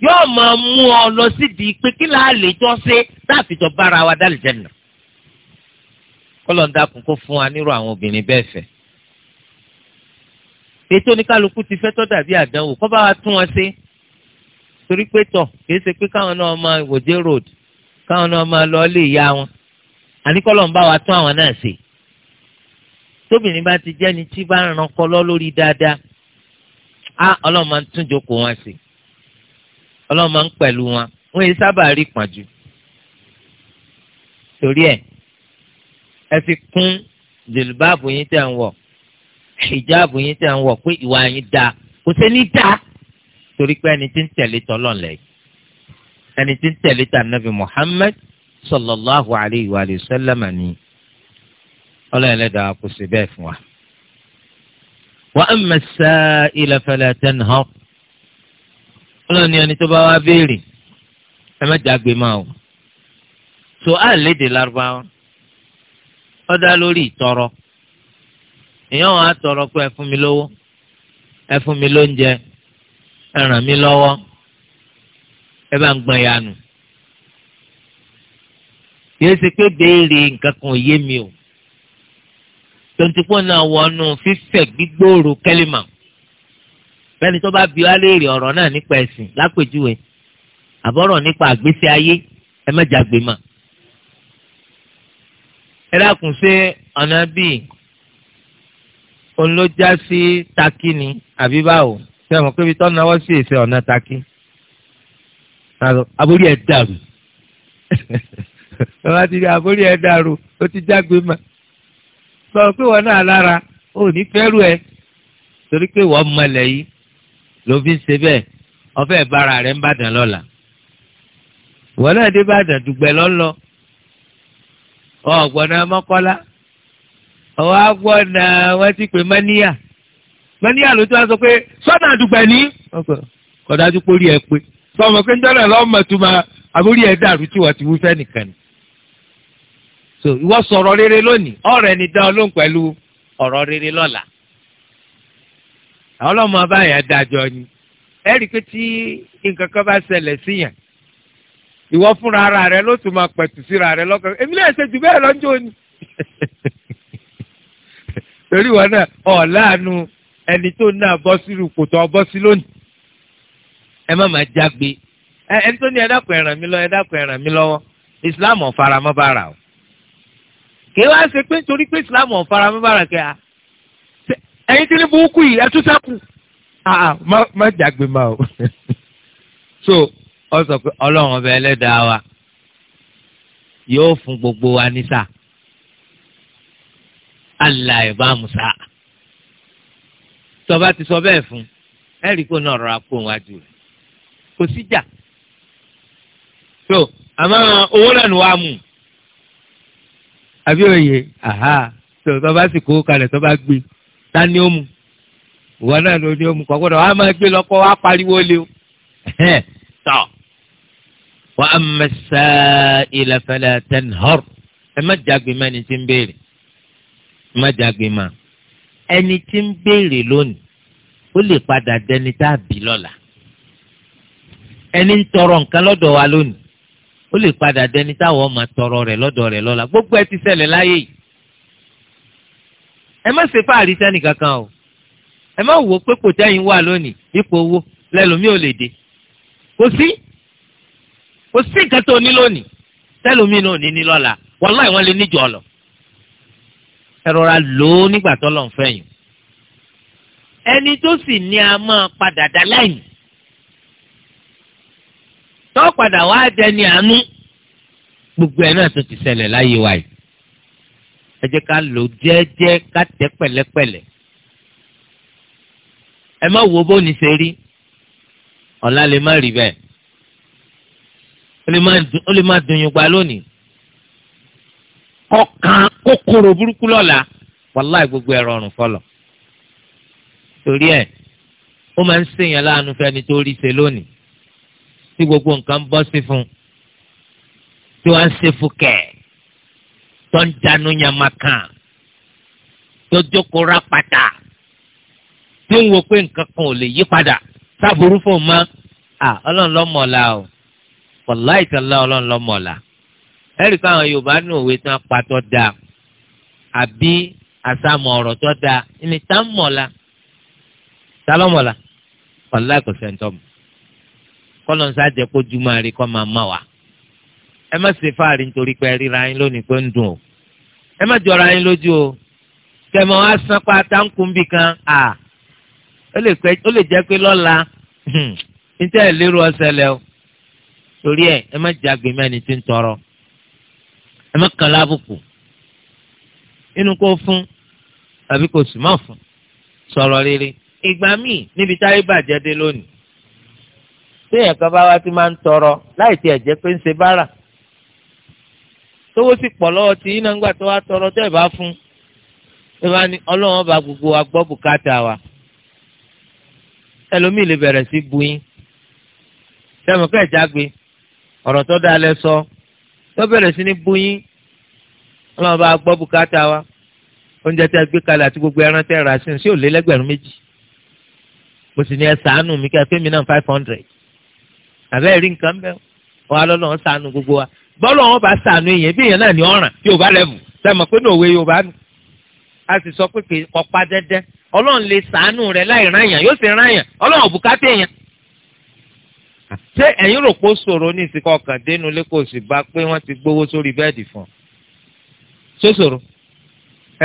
yóò máa mú ọ lọ sídìí pé kí láà lè jọ ṣe láàfijọ́ bára wa dálì jẹ́nà kọ́lọ̀ ń dákun kó fún wa nírò àwọn obìnrin bẹ́ẹ̀ fẹ́ ètò oníkálukú ti fẹ́ tọ́ dàbí àdánwò kọ́ bá wa tún wọn ṣe torí pé tọ̀ kìí ṣe pé káwọn náà máa wòjé road káwọn náà máa lọ lé ìyá wọn àníkọ́lọ̀ ń bá wa tún àwọn náà ṣe tóbìnrin bá ti jẹ́ni tí bá ràn kọ́lọ́ lórí dáadáa á ọlọ́run máa ń tún jókòó wọn ṣe ọlọ́run máa ń pẹ̀lú wọn wọn yìí sábà rí pàjù torí ẹ̀ ẹ fi kún jìlbáàbù yín tẹ̀ ń wọ̀ hijabu yín tẹ̀ ń wọ̀ pé ìwà yín dáa kò sẹ́ni dáa torí pé ẹni tí ń tẹ̀lé tọ́lọ̀ lẹ́yìn ẹni tí ń tẹ̀lé ta nabi Muhammad sallallahu alayhi wa sallam ni ọlọ́run lẹ́dàá kò sí bẹ́ẹ̀ fún wa. wa amma as-sa'ila fala tanhar ọlọ́run ni ẹni tó bá wá béèrè ẹ má jágbe máa o. so á léde lárúbáwá ó dá lórí ìtọrọ èèyàn wọn á tọrọ pé ẹ fún mi lówó ẹ fún mi lóúnjẹ ẹ ràn mí lọ́wọ́ ẹ bá ń gbọ́n ya nù. yéé ṣe pé béèrè nǹkan kan yé mi o tontipọ náà wọnú fífẹ̀ gbígbóòrò kẹlímà bẹ́ẹ̀ni tó bá bi wá léèrè ọ̀rọ̀ náà nípa ẹ̀sìn lápèjúwe àbọ̀rọ̀ nípa àgbésí ayé ẹ mẹjà gbé mà. ẹ dákun ṣe ọ̀nà bíi òun ló já sí takí ni àbí báwo mọ̀ pé ibi tó náwó sí èsè ọ̀nà takí aborí ẹ̀ dàrú lọ́wọ́ ti rí aborí ẹ̀ dàrú ó ti jágbe mọ́ sọ pé wọn náà lára ò ní fẹ́rù ẹ torí pé wọ́n mọlẹ̀ yìí ló fi ń ṣe bẹ́ẹ̀ ọfẹ́ ìbára rẹ̀ ń bàdàn lọ́la wọn náà dé bàdàn dùgbẹ́ lọ́lọ́ ọ̀gbọ́nà mọ́kọ́lá ọwọ́ agbọ́nà wọ́n ti pè mọ́níyà mọ́níyà ló ti wá sọ pé sọ́nà àdùgbẹ́ ní kọ̀dájú pórí ẹ pé. sọmọ pé njọ́nà lọ́mọ tó máa ẹ̀ dàrú tí wọ́n ti wúfẹ́ fẹ́nìkan ni. so ìwọ sọ̀rọ̀ rere lónìí ọ̀rọ̀ ẹni dá ọlóhùn pẹ̀lú ọ̀rọ̀ rere lọ́la. àwọn ọlọ́mọ abáyà dájọ́ ni ẹ rí i pé bá ṣẹlẹ̀ ìwọ fúnra ara rẹ ló tún máa rẹ lọ́kàn èmi náà ṣe jù bẹ́ẹ̀ lọ́jọ́ ni. torí wọn náà ọ̀ láàánú ẹni tó ẹ má máa jágbe ẹ ẹni tó ní ẹ dákun ẹ ràn mí lọ ẹ dákun ẹ ràn mí lọ́wọ́ islam ọ̀faramọ́ bára o kì í wá ṣe pé nítorí pé islam ọ̀faramọ́ bára kẹ́ a ẹ̀yin tí ní burúkú yìí ẹ tún sẹ́kù má jágbe máa o so ọ sọ pé ọlọ́run ọba ẹlẹ́dàá wa yóò fún gbogbo wa níṣà allah ẹ̀ bá musa tọba ti sọ bẹ́ẹ̀ fún ẹ̀ náà rọra kó wájú rẹ̀ kò síjà so àmọ́ owó náà ni mú àbí òye so tó bá sì kó kalẹ̀ tó bá gbé ta ni ó mu ìwọ náà ló ní ó mu kọ́ gbọ́dọ̀ wàá máa gbé lọ́kọ́ wàá pariwo lé o tọ́ wa amma sa'ila fala tanhar ẹ má jágbe má ẹni tí ń béèrè ẹ má jágbe má ẹni tí ń béèrè lónìí ó lè padà dẹni tá a bí lọ́la ẹni ń tọrọ nǹkan lọ́dọ̀ wa lónìí ó lè padà dẹni táwọn máa tọrọ rẹ̀ lọ́dọ̀ rẹ̀ lọ́la gbogbo ẹ ti ṣẹlẹ̀ láyé yìí ẹ má ṣe fáàrí sẹ́ni kankan o ẹ má wò ó pé kò tẹ́yìn wà lónìí ipò owó lẹ́lòmí ò lè dé kò sí kò sí nǹkan tó ní lónìí tẹ́lòmí náà ní ní lọ́la wàláì wọ́n lè níjọ lọ ẹ rọra lò ó nígbà tó lọ́n fẹ́yìn ẹni tó sì ní a máa padà dá lẹ́yìn tó padà wá dẹni àánú gbogbo ẹ̀ náà tó ti ṣẹlẹ̀ láyé wa yìí ẹ jẹ́ ká lò jẹ́jẹ́ ká tẹ̀ pẹ̀lẹ́pẹ̀lẹ́ ẹ má wo bó ni ṣe rí ọ̀la lè má rí bẹ́ẹ̀ ó lè má dùn yín gba lónìí kọkàn kòkòrò burúkú lọ́la wàláì gbogbo ẹ̀ rọrùn fọlọ̀ torí ẹ̀ ó máa ń ṣèyàn láàánú fẹ́ni tó rí ṣe lónìí tí gbogbo nǹkan bọ́ sí fún tí wọ́n ń ṣe fún kẹ̀ tó ń dánú yàmá kan tó jókòó rápàtà tí ń wo pé nǹkan kan ò lè yí padà sábúrú fún un mọ́ à ọlọ́run lọ́mọ̀ọ́lá o wàláì tàlá ọlọ́run lọ́mọ̀ọ́lá ẹ̀rí káwọn yorùbá ní òwe tí wọ́n pa tó dáa àbí àsàmọ̀ ọ̀rọ̀ tó dáa ẹni tá ń mọ̀ọ́lá tá lọ́mọ̀ọ́lá wàláì kò sẹ́ńtọ́mù kọ́lọ̀ ń sáàjẹ́ kó júmọ́ rí kọ́ máa má wa. ẹ má ṣe fáàrí nítorí pé ríra yín lónìí pé ń dùn o. ẹ má jọra yín lójú o. kẹmọ á san pa táǹkùnbì kan à ó lè jẹ́ pé lọ́la níta hmm, ẹ̀ lérò ọ̀sẹ̀ lẹ o. torí ẹ ẹ má jẹ àgbèmí ẹni tí ń tọrọ. ẹ má kàn lábùkù. inú kó fún tàbí kò sì má fún sọ̀rọ̀ rere. ìgbà míì níbi táyé bàjẹ́ dé lónìí téèyàn kan bá wá ti máa ń tọrọ láì tiẹ̀ jẹ́ pé ń ṣe bára tówó sì pọ̀ lọ́wọ́ tí iná ń gbà tó wá tọrọ tẹ́ ẹ̀ bá fún ẹ bá ní ọlọ́run ọba gbogbo wa gbọ́ bùkátà wa ẹlòmíì lè bẹ̀rẹ̀ sí bu yín sẹ́mu kẹ́ ẹ̀ jágbe ọ̀rọ̀ tó dáa lẹ sọ tó bẹ̀rẹ̀ sí ní bu yín ọlọ́run ọba gbọ́ bùkátà wa oúnjẹ tẹ́ gbé kalẹ̀ àti gbogbo ẹran tẹ́ rà sí ní sí òlélẹ́gbẹ̀rún méjì mo sì ní ẹ ṣàánú mi kẹ́ fẹ́mi náà five hundred àbẹ́ rí nǹkan bẹ́ẹ̀ wọn alọ́lọ́ ń sànù gbogbo wa bọ́lọ̀ wọn bá sànù èèyàn bí èèyàn náà ní ọ̀ràn yorùbá lẹ́bù sẹ́mọ̀ pé ní òwe yorùbá nù a sì sọ pé kì í kọ́pa dẹ́dẹ́ ọlọ́run lè sànù rẹ̀ láì ráyàn yóò sì ráyàn ọlọ́run bùkátà èèyàn. ṣé ẹ̀yin rò pé ó ṣòro ní ìsìnkú ọkàn dénú lé kò sì bá pé wọ́n ti gbowó sórí bẹ́ẹ̀dì fún un ṣó ṣòro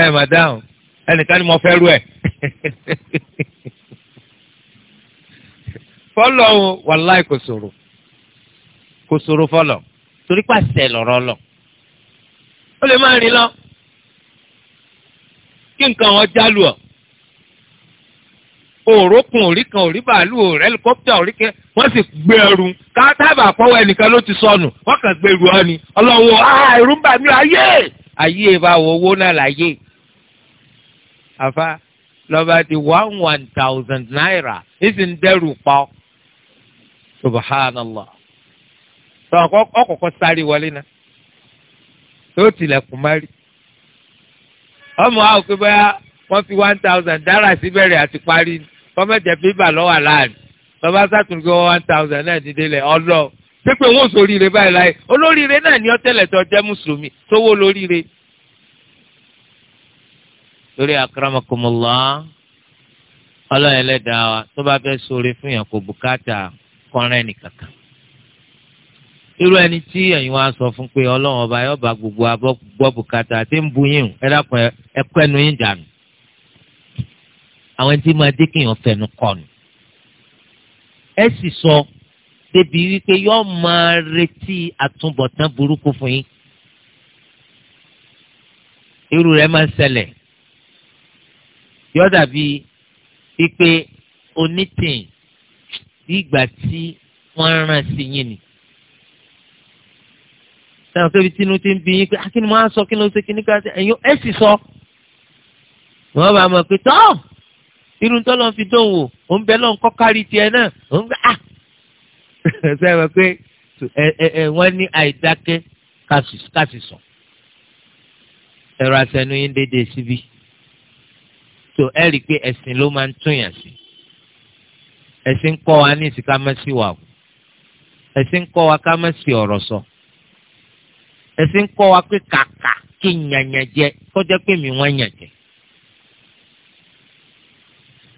ẹ madam ẹnìkan ni mo fẹ́ rú ẹ̀ fọlọ o wàláì kò ṣòro kò ṣòro fọlọ torí pàṣẹ lọrọ lọ ó lè má rìn lọ kí nǹkan wọn jálù ọ òrókùn òrí kan òrí bàálù òrí ẹlikọ́pítà òrí kẹ wọ́n sì gbé ẹrù káàtàbà àpọ̀wọ́ ẹnìkan ló ti sọnù wọ́n kàn gbé ẹrù ọ ni ọlọ́wọ́ ah ẹrù ń bà mí ayé ayé bá wọ owó náà láyé àfa lọ́ba ti one one thousand naira ìsìn dẹ́rù pa ọ́ subhanallah tó ọkọ̀ọ̀kọ̀ sáré wọlé náà tó tilẹ̀kùn mari ọmọ àwọn pé bóyá wọ́n fi one thousand dára síbẹ̀rẹ̀ àti parí kọ́mẹ̀tẹ̀ bíbà lọ́wọ́ láàrin lọ́ba sátúndì gbọ́ one thousand náà dídé lẹ̀ ọlọ́ pépè wọn ò sóríire báyìí láyé olóríire náà ni ọtẹlẹ tó jẹ́ mùsùlùmí sówó lóríire. lórí akramakumullah ọlọ́yẹ̀lẹ́dàá wa tó bá fẹ́ sóore fún yàn kò kọ́ra ẹnìkan kan irú ẹni tí ẹ̀yin wá sọ fún pé ọlọ́run ọba yóò bá gbogbo abọ́ bùkátà àti ń bu yín ẹ dákun ẹ kọ́ ẹnu yín dànù àwọn tí máa dé kéèyàn fẹnu kọnu ẹ sì sọ débi wípé yóò máa retí àtúbọ̀tán burúkú fún yín irú rẹ̀ máa ń ṣẹlẹ̀ yóò dàbí wípé onítìyìn bí ìgbà tí wọ́n rán sí yín ni. sẹ́wọ̀n kébi tínú ti ń bí yín pé akínú ah, máa ń sọ kí ló ṣe kíní ká ẹ̀yin ẹ̀ sì sọ. wọ́n bá mọ̀ pé tọ́ irú tó lọ́n fi dóhùn wò ó ń bẹ lọ́n kọ́ kárí tiẹ̀ náà ó ń gbà á. sẹ́wọ̀n pé wọ́n ní àìdákẹ́ ká sì sọ. ẹ̀rọ àtẹnu yín déédéé síbí. tó ẹ̀rí pé ẹ̀sìn ló máa ń túnyàn sí ẹ̀sìn kọ́ wa ní ìsìká mẹ́sì wà o ẹ̀sìn kọ́ wa ká mẹ́sì ọ̀rọ̀ sọ ẹ̀sìn kọ́ wa pé kàkà kí yànyàn jẹ kọjá pé mi wọ́n yàn jẹ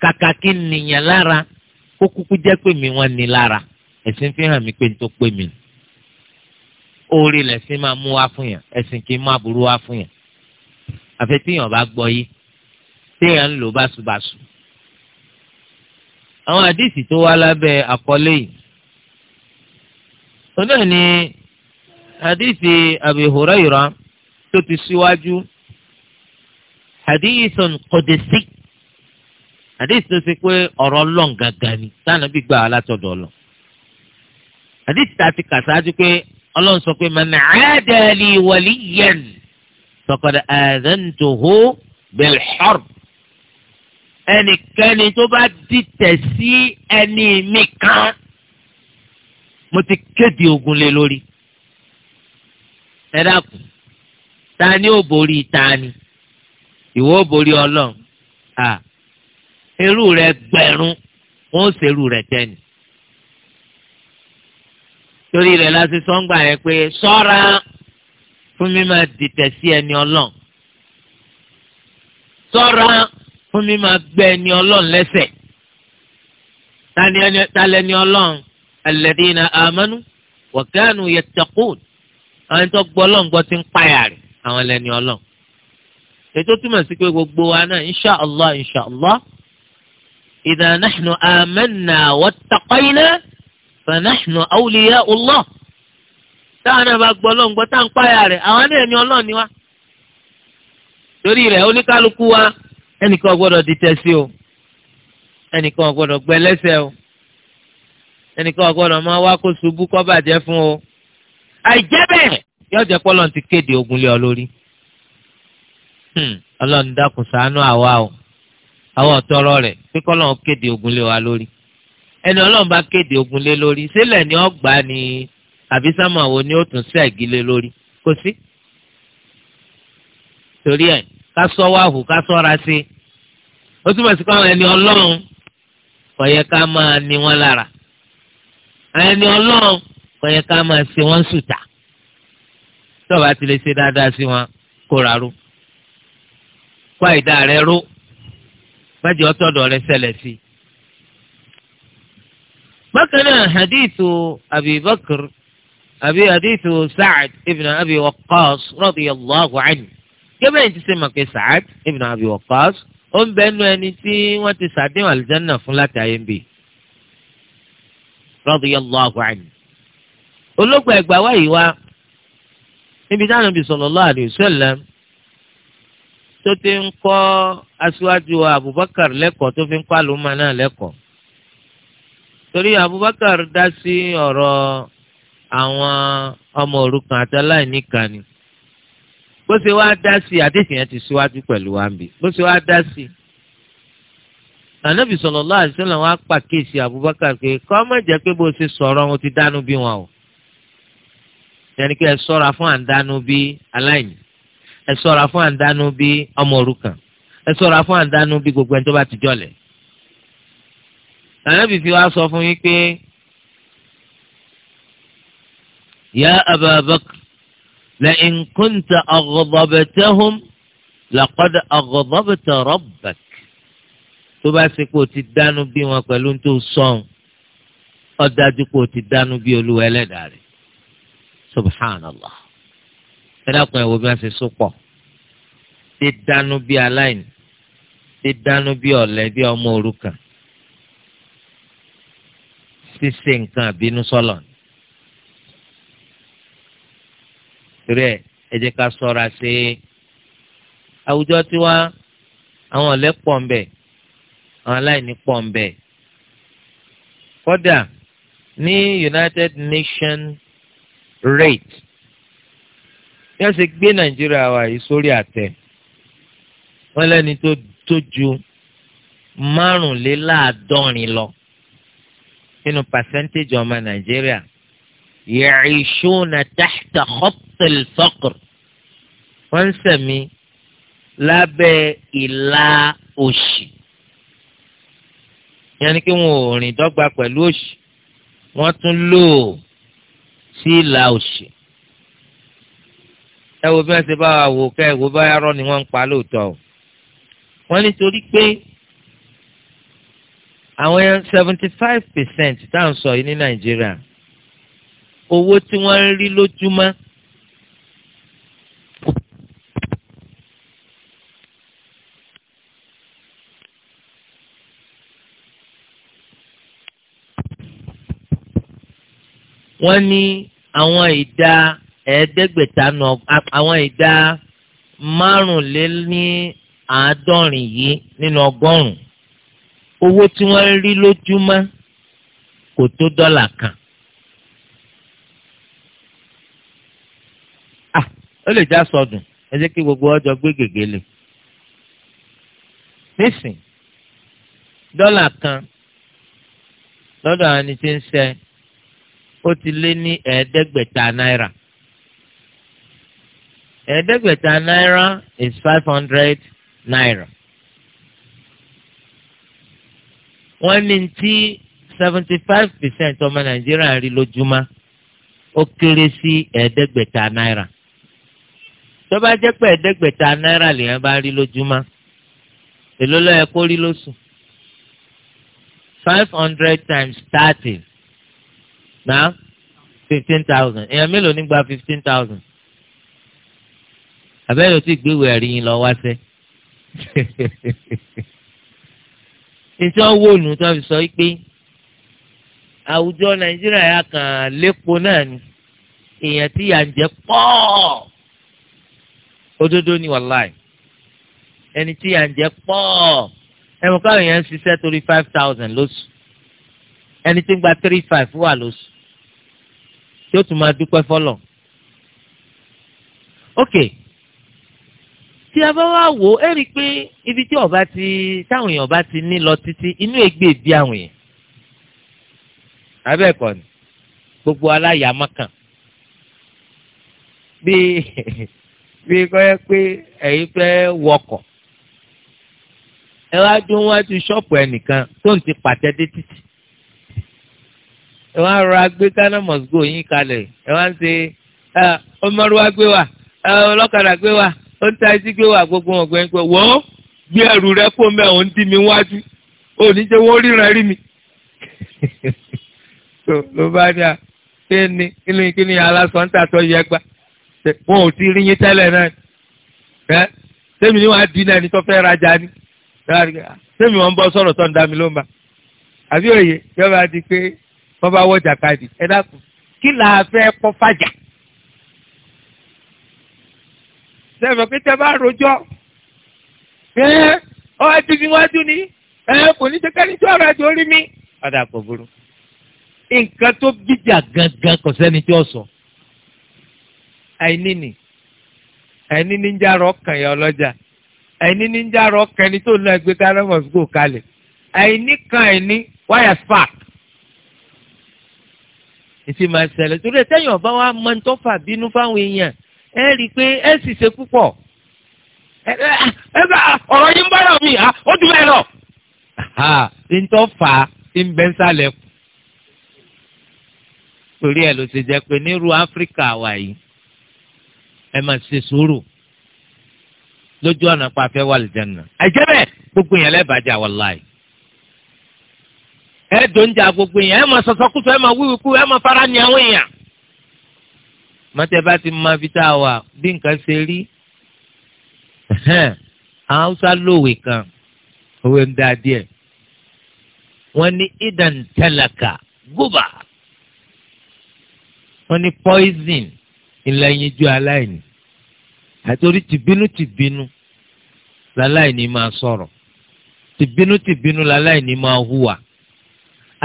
kàkà kí nìyàn lára kó kúkú jẹ́ pé mi wọ́n ní lára ẹ̀sìn fi hàn mí pé n tó pé mi oore lẹ̀sìn máa mú wá fún yàn ẹ̀sìn kì í má burú wá fún yàn àfẹ́tíyàn bá gbọ́ yìí téèyàn ń lò báṣubàṣu. Basu àwọn àdìsí tó wá lábẹ́ àkọlé yìí. sọ́dọ̀ ni àdìsí Abi Hurayra tó ti síwájú àdìsí qudsi àdìsí tó ṣe pé ọ̀rọ̀ Ọlọ́run gangan ni táwọn bí gbà látọ̀dọ̀ lọ. àdìsí tá a ti kà sáájú pé Ọlọ́run sọ pé man aada li waliyan faqad aadantuhu bil ẹnikẹ́ni tó bá dìtẹ̀ sí ẹni mi kan mo ti kéde ogun lé lórí ẹ dákun ta ni ó borí ta ni ìwọ ó borí ọlọ́run à irú rẹ gbẹ̀rún wọn ó ṣerú rẹ tẹ́ni torí rẹ láti sọ́ngbà yẹn pé sọ́ra fún mi máa dìtẹ̀ sí ẹni ọlọ́run sọ́ra fún mi máa gbẹ ẹni ọlọ́run lẹ́sẹ̀ talẹ́ni ọlọ́run alladina amanu wa kanu yattaqun àwọn tó gbọ́ ọlọ́run gbọ́ ti ń páyà rẹ̀ àwọn ẹlẹ́ni ọlọ́run ètò túmọ̀ sí pé gbogbo wa náà insha allah insha allah idha nahnu amanna wattaqayna fa nahnu awliya'u allah táwọn náà bá gbọ́ ọlọ́run gbọ́ tá à ń páyà rẹ̀ àwọn ẹlẹ́ni ọlọ́run ni wa torí rẹ̀ oníkálukú wa ẹnìkan gbọ́dọ̀ dìtẹ̀ sí o ẹnìkan gbọ́dọ̀ gbẹlẹ́sẹ̀ o ẹnìkan gbọ́dọ̀ máa wá kó ṣubú kó bàjẹ́ fún o àìjẹ́ bẹ́ẹ̀ yóò jẹ́ pọ́lọ́n ti kéde ogun lé ọ lórí hmm, ọlọ́run dákun ṣàánú àwa o àwọn ọ̀tọ́rọ̀ rẹ̀ pé kọ́lọ́run kéde ogun lé wa lórí ẹni ọlọ́run bá kéde ogun lé lórí sílẹ̀ ni ó gbà ni àbí sámàwò ni ó tún ṣẹ́gi lé lórí kò sí torí ẹ̀ ká sọ wáhù ká sọ́ra sí i ó túmọ̀ sí pé àwọn ẹni ọlọ́run kò yẹ ká máa ní wọn lára
àwọn ẹni ọlọ́run
kò yẹ ká máa ṣe wọ́n sùtà tó bá ti lè ṣe dáadáa sí wọn kóra ró kó àìdá rẹ ró mẹ́jọ tọ̀dọ̀ rẹ ṣẹlẹ̀ sí i. bákan náà hadithu abi abi hadithu saad ibn abi waqqas radiyallahu anhu gẹ́gẹ́ bẹ́ẹ̀ ti ṣe mọ̀ pé saad ibn abi waqqas ó ń bẹ nu ẹni tí wọ́n ti sàdéhùn àlùjánnà fún láti ayé ń bì radiyallahu anhu olóògbé ẹgbàá wáyé wa níbi táwọn ibi sallallahu alaihi wasallam tó ti ń kọ́ aṣíwájú Abubakar lẹ́kọ̀ọ́ tó fi ń kọ́ àlùmọ́ náà lẹ́kọ̀ọ́ torí Abubakar dá sí ọ̀rọ̀ àwọn ọmọ òrukàn àtàláìníkan ni. bó ṣe wá dá sí àdéhùn yẹn ti síwájú pẹ̀lú wa ń bì bó ṣe wá dá sí. ànábì sallallahu alaihi wasallam wá pàkíyèsí Abubakar pé kọ́ má jẹ́ pé bó ṣe sọ̀rọ̀ wọn ti dánú bí wọn o. yẹnni kí ẹ sọ́ra fún àǹdánú bí aláìní ẹ sọ́ra fún àǹdánú bí ọmọ òrukàn ẹ sọ́ra fún àǹdánú bí gbogbo ẹni tó bá ti jọlẹ̀. ànábì fi wá sọ fún yín pé ya Abubakar. لئن كنت أغضبتهم لقد أغضبت ربك tó bá ṣe kó o ti dánú bí wọn pẹ̀lú tó sọ̀n ó dájú kó o ti dánú bí olúwa ẹlẹ́dàá rẹ̀ subhanallah ẹ̀dàkùn ẹ̀wò bí wọ́n ṣe sopọ̀ ti dánú bí aláìní ti dánú bí ọ̀lẹ́ bí ọmọ òrukàn ṣíṣe nǹkan àbínú sọ́lọ̀ ni. torí ẹ ẹ jẹ́ ká ṣọ́ra ṣe é àwùjọ tiwa àwọn ọ̀lẹ́ pọ̀ ń bẹ àwọn aláìní pọ̀ ń bẹ kódà ní United Nations rate yóò ṣe gbé Nàìjíríà wa yìí sórí àtẹ wọn lẹ́ni tó tó ju márùnléláàádọ́rin lọ nínú percentage ọmọ Nàìjíríà ya'ishuna tahta khatt al-faqr wọ́n ń sẹ̀mí lábẹ́ ìlà òṣì yẹn ni kí wọn ò rìn dọ́gba pẹ̀lú òṣì wọ́n tún lò ó sí ìlà òṣì ẹ wo bí wọ́n ṣe bá wa wò ká ẹ wo bá yàrá ni wọ́n ń pa lóòótọ́ o wọ́n ní pé àwọn seventy five percent tá sọ yìí ní nàìjíríà owó tí wọ́n ń rí lójúmọ́ wọ́n ní àwọn ìdá ẹ̀ẹ́dẹ́gbẹ̀ta nù àwọn ìdá márùnléní àádọ́rin yìí nínú ọgọ́rùn-ún owó tí wọ́n ń rí lójúmọ́ kò tó dọ́là kan. Ah, ó lè já sọdùn ẹ jẹ́ kí gbogbo ọjọ́ gbé gègé lè. nísìn dọ́là kan lọ́dọ̀ àwọn ẹni tí ń ṣe ó ti lé ní ẹ̀ẹ́dẹ́gbẹ̀ta náírà ẹ̀ẹ́dẹ́gbẹ̀ta náírà is five hundred náírà wọ́n ní tí seventy five percent ọmọ nàìjíríà rí lójúmọ́ ó kéré sí ẹ̀ẹ́dẹ́gbẹ̀ta náírà tó bá jẹ́ pé ẹ̀ẹ́dẹ́gbẹ̀ta náírà lèèyàn bá rí lójúmọ́ èló ló yẹ kó rí lóṣù five hundred times thirty náà fifteen thousand èèyàn mélòó ní gba fifteen thousand àbẹ́rẹ́ tí gbéwèé ẹ̀rí yín lọ wá sẹ́ ìṣe owó ònù tó fi sọ pé àwùjọ nàìjíríà yà kàn lépo náà ni èèyàn tí yà ń jẹ pọ̀ òdodo ni wàláì ẹni tí yà ń jẹ pọ̀ ẹ̀mọ̀ká èèyàn ń ṣiṣẹ́ torí five thousand lóṣù ẹni tí ń gba three five wà lóṣù yóò tún máa dúpẹ́ fọlọ̀. ok tí a bá wá wò ó ẹ rí i pé ibi tí ọba ti táwọn èèyàn bá ti ní lọ títí inú ègbè bí àwọn èèyàn abẹ́ẹ̀kọ́ ni gbogbo aláyàmọ́kàn bí bí kọ́ yẹ pé ẹ̀yin fẹ́ wọkọ̀ ẹ wá dún wá ti ṣọ́ọ̀pù ẹnìkan tó ń ti pàtẹ́ dé títì ẹ wá rọra gbé ghana must go yín kalẹ̀ ẹ wá ń ṣe ọmọlúwa gbé wa ọlọ́kadà gbé wa ó ń ta ẹtí gbé wa gbogbo wọn pé wọ́n gbé ẹrù rẹ kó mẹ́ òun dí mi wájú ò ní jẹ́ wọ́n ríran rí mi. ló bá ní ṣé ni kí ni kí ni alásán tàtọ́ yẹ gbà wọn ò ti rí yín tẹ́lẹ̀ náà ẹ sẹ́mi ni wọ́n á dín náà ní tó fẹ́ rajà ni sẹ́mi wọn ń bọ́ sọ̀rọ̀ tó ń dá mi ló ń bá àbí òye yọba wọ́n bá wọ́ jàkadì ẹ dákun kí là á fẹ́ kọ́ fàjà. sẹ́fẹ̀ pé tẹ́ bá rojọ́ ẹ ọ ẹtù kí wọ́n dún ni ẹ kò ní sẹ́kẹ́ni tí ọ̀rọ̀ ẹ̀dùn orí mi. ọ̀dà kò burú nǹkan tó bíjà gangan kò sẹ́ni tí ó sọ àìní ni àìní ní ń járọ ọkàn yà ọlọ́jà àìní ní ń járọ ọkàn ẹni tó lọ ẹgbẹ́ kárẹ́mọ̀sí kò kalẹ̀ àìní kan àìní wáyà spark èsì máa ṣẹlẹ̀ torí ẹ tẹ́yìn ọ̀bá wa máa ń tọ́fà bínú fáwọn èèyàn ẹ rí i pé ẹ sì ṣe púpọ̀ ẹ bá ọ̀rọ̀ yín bá rọ̀ mí ó dùn bẹ́ẹ̀ lọ. ntọ́fà ti ń bẹ́ sálẹ̀ kù torí ẹ ló ṣe jẹ́ pé nírú áfíríkà wa yìí ẹ máa ṣe sùúrù lójú ọ̀nà pàfẹ́ wà lìjẹ́ nà. àìjẹ́ bẹ́ẹ̀ gbogbo yẹn lẹ́bàá jà wọ́n láì ẹ dòńjà gbogbo èèyàn ẹ máa sọsọkúsọ ẹ máa wíwíkú ẹ máa fara ní àwọn èèyàn. mọ́tẹ́ bá ti máa fi tá a wà bí nǹkan ṣe rí haúsá lòwe kan òwe ń da díẹ̀ wọ́n ní idan tẹlaka gúbà wọ́n ní poison ìlẹ́yinjú aláìní àtòrí tìbínú tìbínú láláìní máa sọ̀rọ̀ tìbínú tìbínú láláìní máa hùwà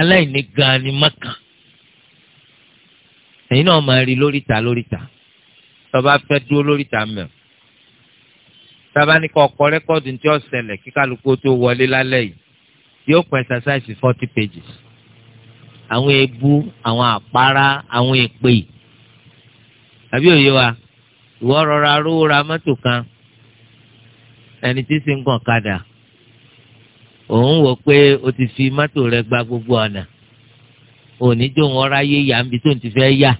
aláìní gan ni mọ́kàn èyí náà máa rí lóríta lóríta tọba fẹ́ dúró lóríta mẹ́ tọba ní kọ́ ọkọ rẹ́kọ́dù tí ó ṣẹlẹ̀ kí kálukú tó wọlé lálẹ́ yìí yóò pẹ́ exercise forty pages àwọn ebu àwọn àpárá àwọn èpè àbí òye wa ìwọ rọra rówó ra mọ́tò kan ẹni tí sì ń gàn kadà òun wò pé o ti fi mọ́tò rẹ gba gbogbo ọ̀nà òní jó wọn ráyé yá níbi tó ń ti fẹ́ yá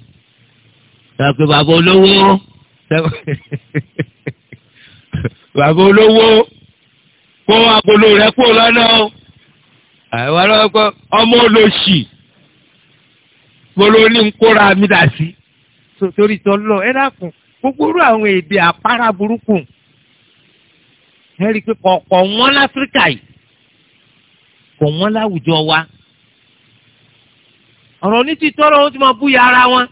sọ pé bàbá olówó bàbá olówó kó agolo rẹ kó lọ́nà àwọn ọlọ́pàá ọmọ olóṣì gbolo ní nkóra mi dà sí. torí tọ́lọ́ ẹ dákun gbogbo orú àwọn èdè àpárá burúkú ẹ rí i pé kọ̀ọ̀kan wọn láfíríkà yìí kò wọ́n láwùjọ wa ọ̀rọ̀ ní ti tọ́rọ̀ ó ti máa búya ara wọn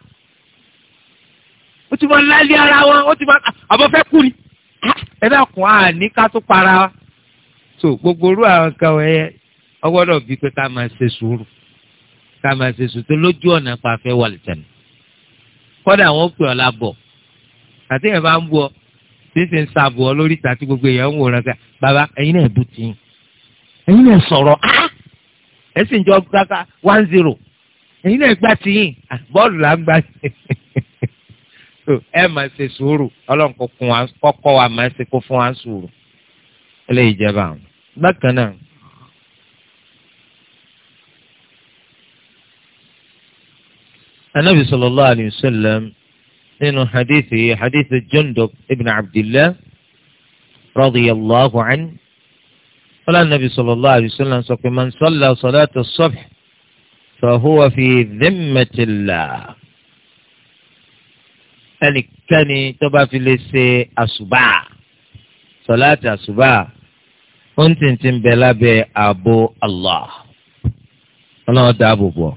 ó ti máa lálẹ́ ara wọn ó ti máa àbọ̀ fẹ́ kú ni ẹ dákun á ní ká tó para wa tó gbogbo orú àwọn kan wọ̀nyẹn ọgbọ́dọ̀ bíi pé ká máa ṣe sùúrù ká máa ṣe sùúrù tó lójú ọ̀nà pa fẹ́ wà lẹ́tẹ̀nù kọ́dà wọn pè ọ́ lábọ̀ àti ẹ̀ bá ń bọ̀ ṣíṣe ń sàbọ̀ lórí ìta tí gbogbo èèyàn ń wòran sí baba ẹ̀yin náà bù tì ẹ̀yin náà sọ̀rọ̀ á ah! ẹ̀ sì ń jọ gbàgbà one zero ẹ̀yin náà gbà tìyìn ah, bọ́ọ̀lù là ń gbà ẹ máa ṣe sùúrù ọlọ́run kò kún wa kọ́kọ́ wa máa ṣe kó fún wa sùúrù ilé ìjẹba bákan náà anabi sallallahu alayhi wa sallam nínú hadithi hadithi jundub ibn abdillah radiyallahu anhu ọlọ́run النبي صلى الله عليه وسلم pé man صلاة الصبح فهو في ذمة الله. fi dhimmatillah ẹnikẹ́ni tó bá fi lè ṣe àṣùbà sọláàtì àṣùbà ó ń tìǹtì ń bẹ lábẹ́ ààbò Allah ọlọ́run dáàbò bọ̀.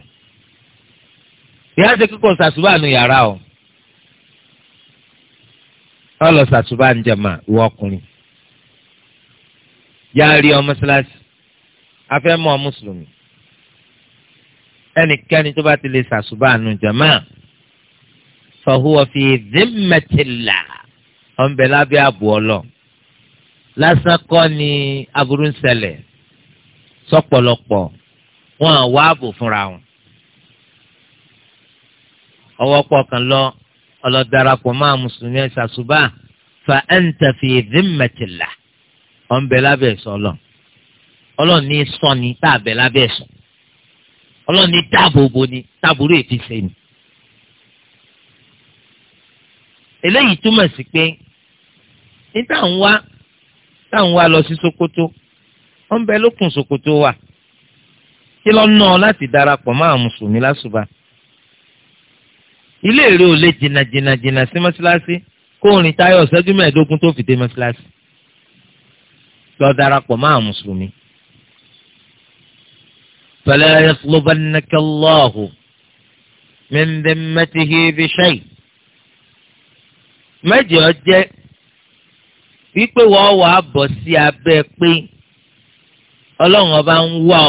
ìyá ṣe kíkọ ṣàṣùbà nu yàrá o ọ lọ ṣàṣùbà ń jẹ mà ìwọ ọkùnrin yá rí ọmọ síláṣí afẹ́ mọ́ mùsùlùmí ẹnikẹ́ni tó bá ti lè sàṣùbà nù jàmá fahuwa fi dhimmatillah ọ̀nbẹ lábẹ́ ààbò ọlọ lásán kọ́ ni aburú ń ṣẹlẹ̀ sọ́pọ̀lọpọ̀ wọn àwọ̀ ààbò fúnra wọn ọwọ́ pọ̀ kan lọ ọlọ́darapọ̀ máa mùsùlùmí ẹ̀ fa anta fi dhimmatillah ọ̀n bẹ lábẹ́ ẹ̀sọ́ ọlọ́run ọlọ́run ní sọ ni tá a bẹ lábẹ́ ẹ̀sọ́ ọlọ́run ní dáàbò ni táàbùrú èfi ṣe ni. eléyìí túmọ̀ sí pé ní táwọn wá táwọn wá lọ sí Sokoto ọ̀n bẹ lókun Sokoto wà kí lọ́ ná ọ láti darapọ̀ mọ́ àwọn mùsùlùmí lásùbà ilé ìrè ò lè jìnnà jìnnà jìnnà sí mọ́ṣáláṣí kó orin táyọ̀ ṣẹ́jú mẹ́ẹ̀ẹ́dógún tó fi dé mọ́ṣáláṣí. lọ darapọ̀ mọ́ àwọn mùsùlùmí. fala yatlubannaka Allahu min dhimmatihi bi shay. mẹ́jọ jẹ́ wípé wọ́n wà á bọ̀ sí ọba ń ọ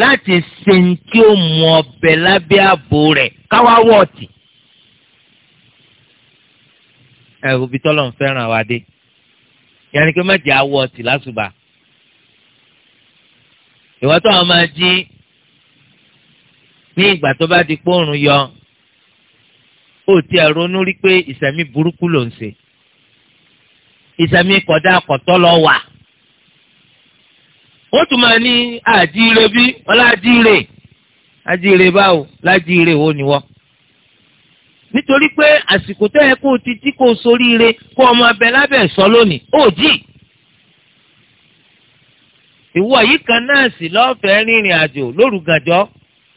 lati se nke ụmụ yẹnni pé mẹ́jẹ̀ awọ ọtí lásùbà ìwọ tó àwọn máa jí ní ìgbà tó bá di pòrùn yọ ó ti ẹ̀ ronú rí pé ìsẹ̀mí burúkú ló ń ṣe ìsẹ̀mí kọ̀dá kọ̀tọ́ lọ wà ó tún máa ní àjíire bí ọlá àjíire àjíire báwo lájíire wo ni wọ́n nítorí pé àsìkò tó yẹ kó o ti tí kó o soríire kó ọmọ abẹ lábẹ́ ìsọ lónìí ó jì. ìwọ yìí kan náà sì lọ́fẹ̀ẹ́ rìnrìn àjò lóru gànjọ́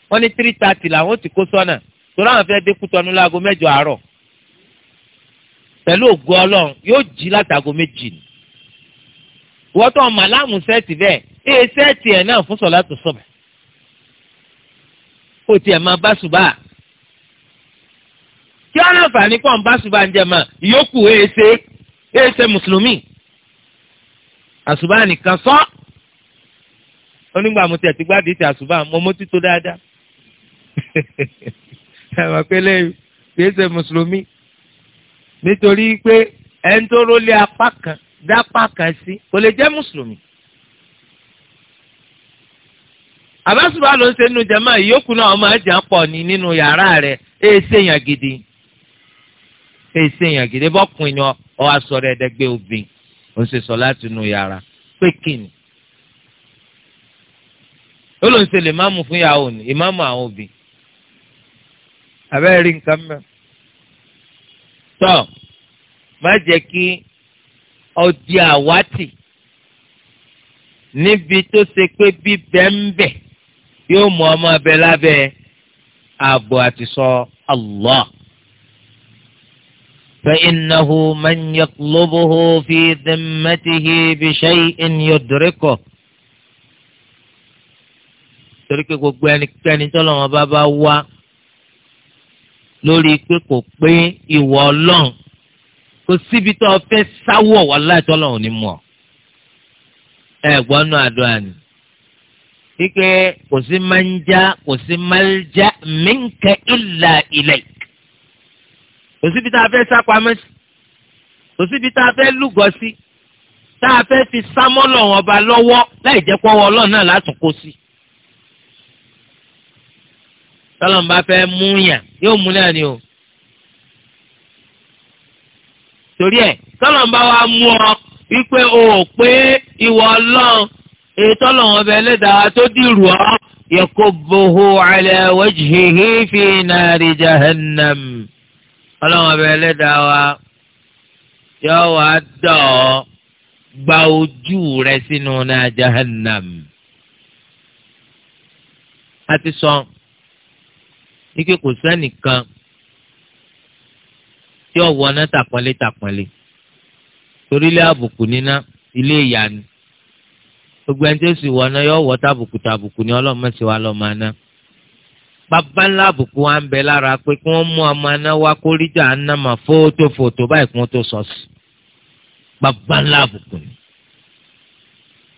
wọ́n ní three thirty làwọn ti kó sọ́nà torí àwọn fẹ́ dé Kútọ́nù láago mẹ́jọ àárọ̀ pẹ̀lú ògo Ọlọ́run yóò jí látago méjì ni. ìwọ́n tó ọmọ aláàmú sẹ́ẹ̀tì bẹ́ẹ̀ ee sẹ́ẹ̀tì ẹ̀ náà fún sọ̀lá tó sọ̀bẹ̀. kó tiẹ̀ máa bá ṣùgbọ́n kí wọn láǹfààní pọ̀ ń bá ṣùgbọ́njẹ mọ́ ìyókù èèṣe èèṣe mùsùlùmí àṣùbà nìkan sọ onígbà mo tẹ̀ ti gbádìí ti àṣùbà mo mójú tó dáadáa ẹ̀rọ pélé èèṣe mùsùlùmí nítorí pé ẹni tó apá kan kan sí kò lè jẹ́ mùsùlùmí. ló ń ṣe nínú jẹ́mọ́ ìyókù náà ọmọ ẹ̀jẹ̀ pọ̀ ní nínú yàrá gidi. ṣe ṣèyàn gidi bọ́kùn ni ọ wá sọ̀rọ̀ ẹ̀ẹ́dẹ́gbẹ́ obìnrin ó ṣe sọ láti inú yàrá pé kìnnì. ó ló ń ṣe lè máàmù fún ìyàwó ni ìmáàmù àwọn obìnrin. àbẹ́rẹ́ rí nǹkan mẹ́. tọ́ má jẹ́ kí ọdí àwátì níbi tó ṣe pé bíbẹ́ ń yóò mú ọmọ abẹ lábẹ́ ààbò àti Allah. فإنه من يطلبه في ذمته بشيء يدركه torí pé gbogbo ẹnikẹ́ni tọ́lọ́wọ́n bá bá wá lórí pé kò pé ìwọ ọlọ́run kò síbi tó fẹ́ sáwọ̀ wà láì tọ́lọ́run ní mu ẹ gbọ́nú àdúrà ni wípé kò sí máa ń já kò sí máa ń já minka illa ilay kò síbi tá a fẹ́ sápamọ́ sí kò tá a fẹ́ lúgọ sí tá a fẹ́ fi sámọ́lọ̀ ọba lọ́wọ́ láì jẹ́ pọ́wọ́ ọlọ́run náà látún kó sí. tọ́lọ́n bá fẹ́ mú yàn yóò mú náà ni o. torí ẹ̀ tọ́lọ́n bá wa mú ọ wípé o ò pé ìwọ ọlọ́run
èyí tọ́lọ́run ọba ẹlẹ́dàá tó
dìrù ọ́ yakubuhu ala wajhihi fi nari jahannam ọlọ́run ọbẹ̀ ẹlẹ́dàá wa yọ wá dọ̀ ọ́ gba ojú rẹ sínú náà jahannam a ti sọ ike kò sẹ́nìkan tí ọ̀wọ́ náà tàpọ́nlé tàpọ́nlé torílé àbùkù níná ilé ìyá ni gbogbo ẹni tó sì wọ̀ náà yọ wọ́ tàbùkù tàbùkù ni ọlọ́run mọ̀ sí wa lọ́ọ́ máa ná bàbá ńlá àbùkù wa ń bẹ lára pé kí wọ́n mú ọmọ aná wá kó rí jà ńnà mà fótófótó báyìí kí wọ́n tó sọ sí bàbá ńlá àbùkù ni.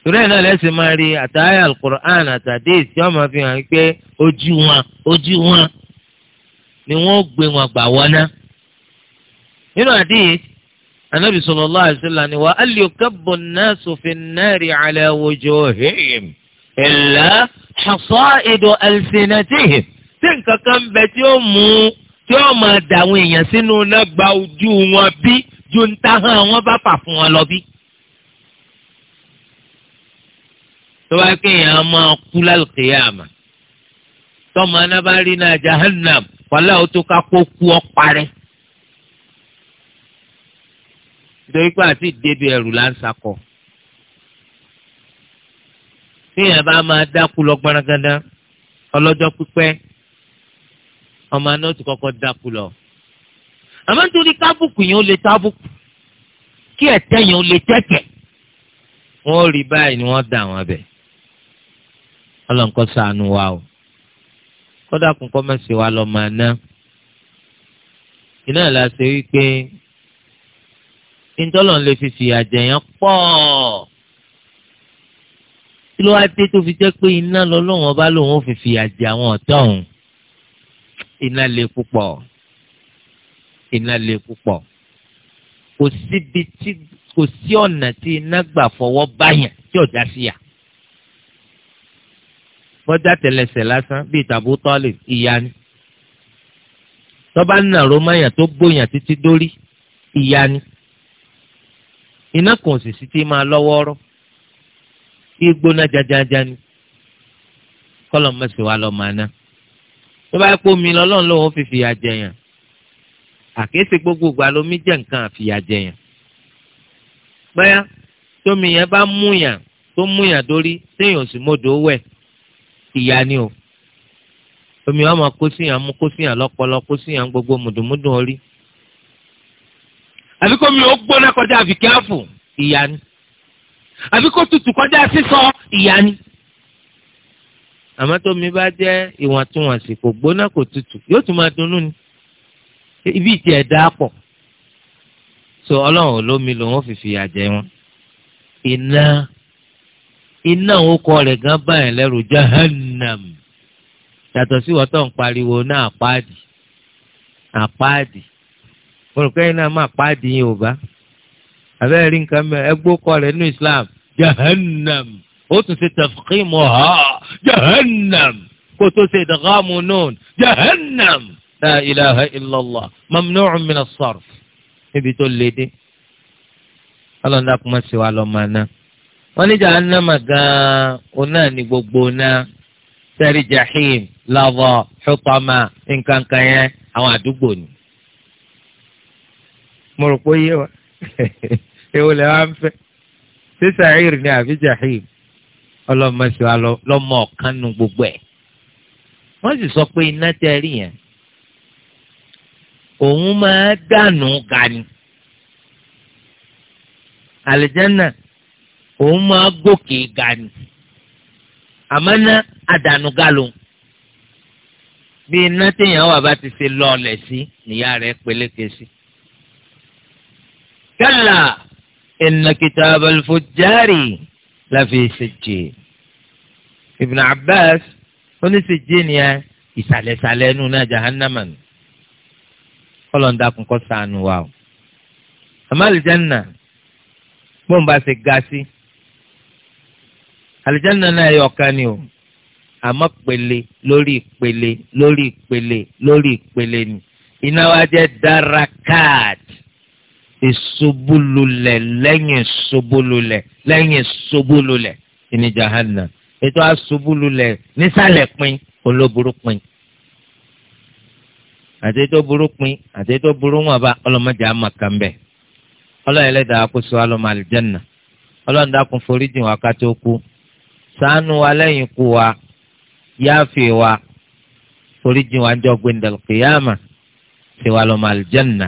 torí ẹ̀ náà lẹ́sìn máa rí àtàyà alukur'an àtàdé ìsìn ọmọ fi hàn pé ojú wọn ojú wọn ni wọ́n gbé wọn gbà wọná. nínú àdéhìí anabi sallallahu alaihi wasallam ni wa aliyukabu naasu fi nnaari ala wujuhihim illa hasaidu alsinatihim ṣé nǹkan kan ń bẹ tí ó mú tí ó máa dà àwọn èèyàn sínú náà gba ojú wọn bí ju ń ta hàn wọn bá fà fún wọn lọ bí. tó bá kéèyàn máa kú lálùkìyàmà tọ́mọ anábàárí náà jahannam wàhálà ó tó ká kó kú ọ parẹ́. nítorí pé àti ìdébi ẹ̀rù là ń sakọ̀. téèyàn bá máa dákú lọ gbọ́nrangandá ọlọ́jọ́ pípẹ́ ọmọ náà ti kọ́kọ́ dákú lọ. àmọ́ nítorí kábùkù yẹn ó lè tábùkù kí ẹ̀tẹ́ yẹn ó lè tẹ́tẹ̀. wọ́n rí báyìí ni wọ́n dà wọ́n bẹ̀. ọlọ́nkọ́ ṣàánú wa o kódà kún kọ́ mẹ́sì wa lọ́ọ́ máa ná. iná ìlà ṣe wípé ìtọ́lọ̀ lè fi fìyà jẹ̀yàn pọ̀ kí ló wá dé tó fi jẹ́ pé iná lọ́lọ́wọ́n bá lòun ò fi fìyà jẹ àwọn ọ̀tọ̀ òun iná le púpọ̀ iná le púpọ̀ kò síbi tí kò sí ọ̀nà tí iná gbà fọwọ́ báyàn tí ò dá sí yà bọ́jà tẹlẹsẹ̀ lásán bíi tàbú tọ́lì ìyá ni tọ́ba ń nàró mọ́yàn tó gbóyàn títí dórí ìyá ni iná kan sì sí ti máa lọ́wọ́ rọ́ kí gbóná jajaja ni kọ́lọ́ mẹ́sì wa lọ́ọ́ máa ná tó bá pọ̀ mi lọ́lọ́run lòun fi fìyà jẹyàn àkéésì gbogbo ìgbà lomi jẹ́ nǹkan àfìyà jẹyàn bẹ́ẹ̀ tómi yẹn bá múyàn tó múyàn dórí téèyàn sì mọ́dọ̀ ó wẹ̀ ìyá ni o omi wọn máa kó síyàn mú kó síyàn lọ́pọlọ kó síyàn gbogbo mùdùmùdù orí àbí kó mi ò gbóná kọjá àbíkẹ́ àfò ìyá ni àbí kó tutù kọjá sísọ ìyá ni àmọ́ tó mi bá jẹ́ ìwọ̀ntúnwọ̀nsì kò gbóná kò tutù yóò tún máa dunnú ni ibi ìtì ẹ̀dá pọ̀ so ọlọ́run olómi lòun fi fìyà jẹ wọn iná iná òun kọ rẹ̀ gan báyìí lẹ́rù jahannam yàtọ̀ sí wọ́n tó ń pariwo náà àpáàdì àpáàdì mo rò pé iná máa pàdé Yorùbá abẹ́rẹ́ rí nǹkan mẹ́rin ẹgbó kọ rẹ̀ nínú Islam jahannam. ó tún ṣe tẹ̀fíkìmù ha jahannam kó tó ṣe ìdàgàmù nùn jahannam la ilaha illallah mamnu'un min as-sarf níbi tó lé dé ọlọ́dà kò má ṣe wà lọ́ọ́ máa ná wọ́n ní jahannama gan-an òun náà ní gbogbo náà sẹ́rí jahim lava hutama nkankan yẹn àwọn àdúgbò ni. mo rò pé yé wa èwo lè wá ń fẹ́ sí sàírì ni àbí jahim ọlọ́mọṣẹ́ wa lọ́mọ ọ̀kan nu gbogbo ẹ̀ wọ́n sì sọ pé iná tẹ́ rí yẹn òun máa dànù gani àlìjánà òun máa gòkè gani àmọ́ ná àdànù galò bí iná téèyàn wà bá ti ṣe lọ́ọ̀lẹ̀ sí níyà rẹ̀ peléke sí. kálá inna kitabal fujjari láfi ṣèjì Ibn Abbas oníṣèjì nìyẹn ìsàlẹ̀sàlẹ̀ inú náà jahannama nù kọlọ̀ndàkùn kọ́ sànù wa o àmọ́ àlìjánà bóun bá ṣe ga sí àlìjánà náà yọ ọ̀kan ni o àmọ́ pele lórí pele lórí pele lórí pele ni iná wa jẹ́ dárakáàtì ìṣubúlulẹ̀ lẹ́yìn ìṣubúlulẹ̀ lẹ́yìn ìṣubúlulẹ̀ ìní jahannam ètò àṣubúlulẹ̀ nísàlẹ̀ pin olóburú pin àti ètò burú pin àti ètò burú wọn bá ọlọmọdé àmàkàmbẹ ọlọyẹlẹdà àkóso alọmọ àlìjẹnà ọlọ́ndàkùn foríjìn wa ká tó kú ṣàánú wa lẹ́yìn kú wa yááfì wa foríjìn wa ń jọ gbẹndẹlùkìyàmà tiwa lọmọ àlìjẹnà.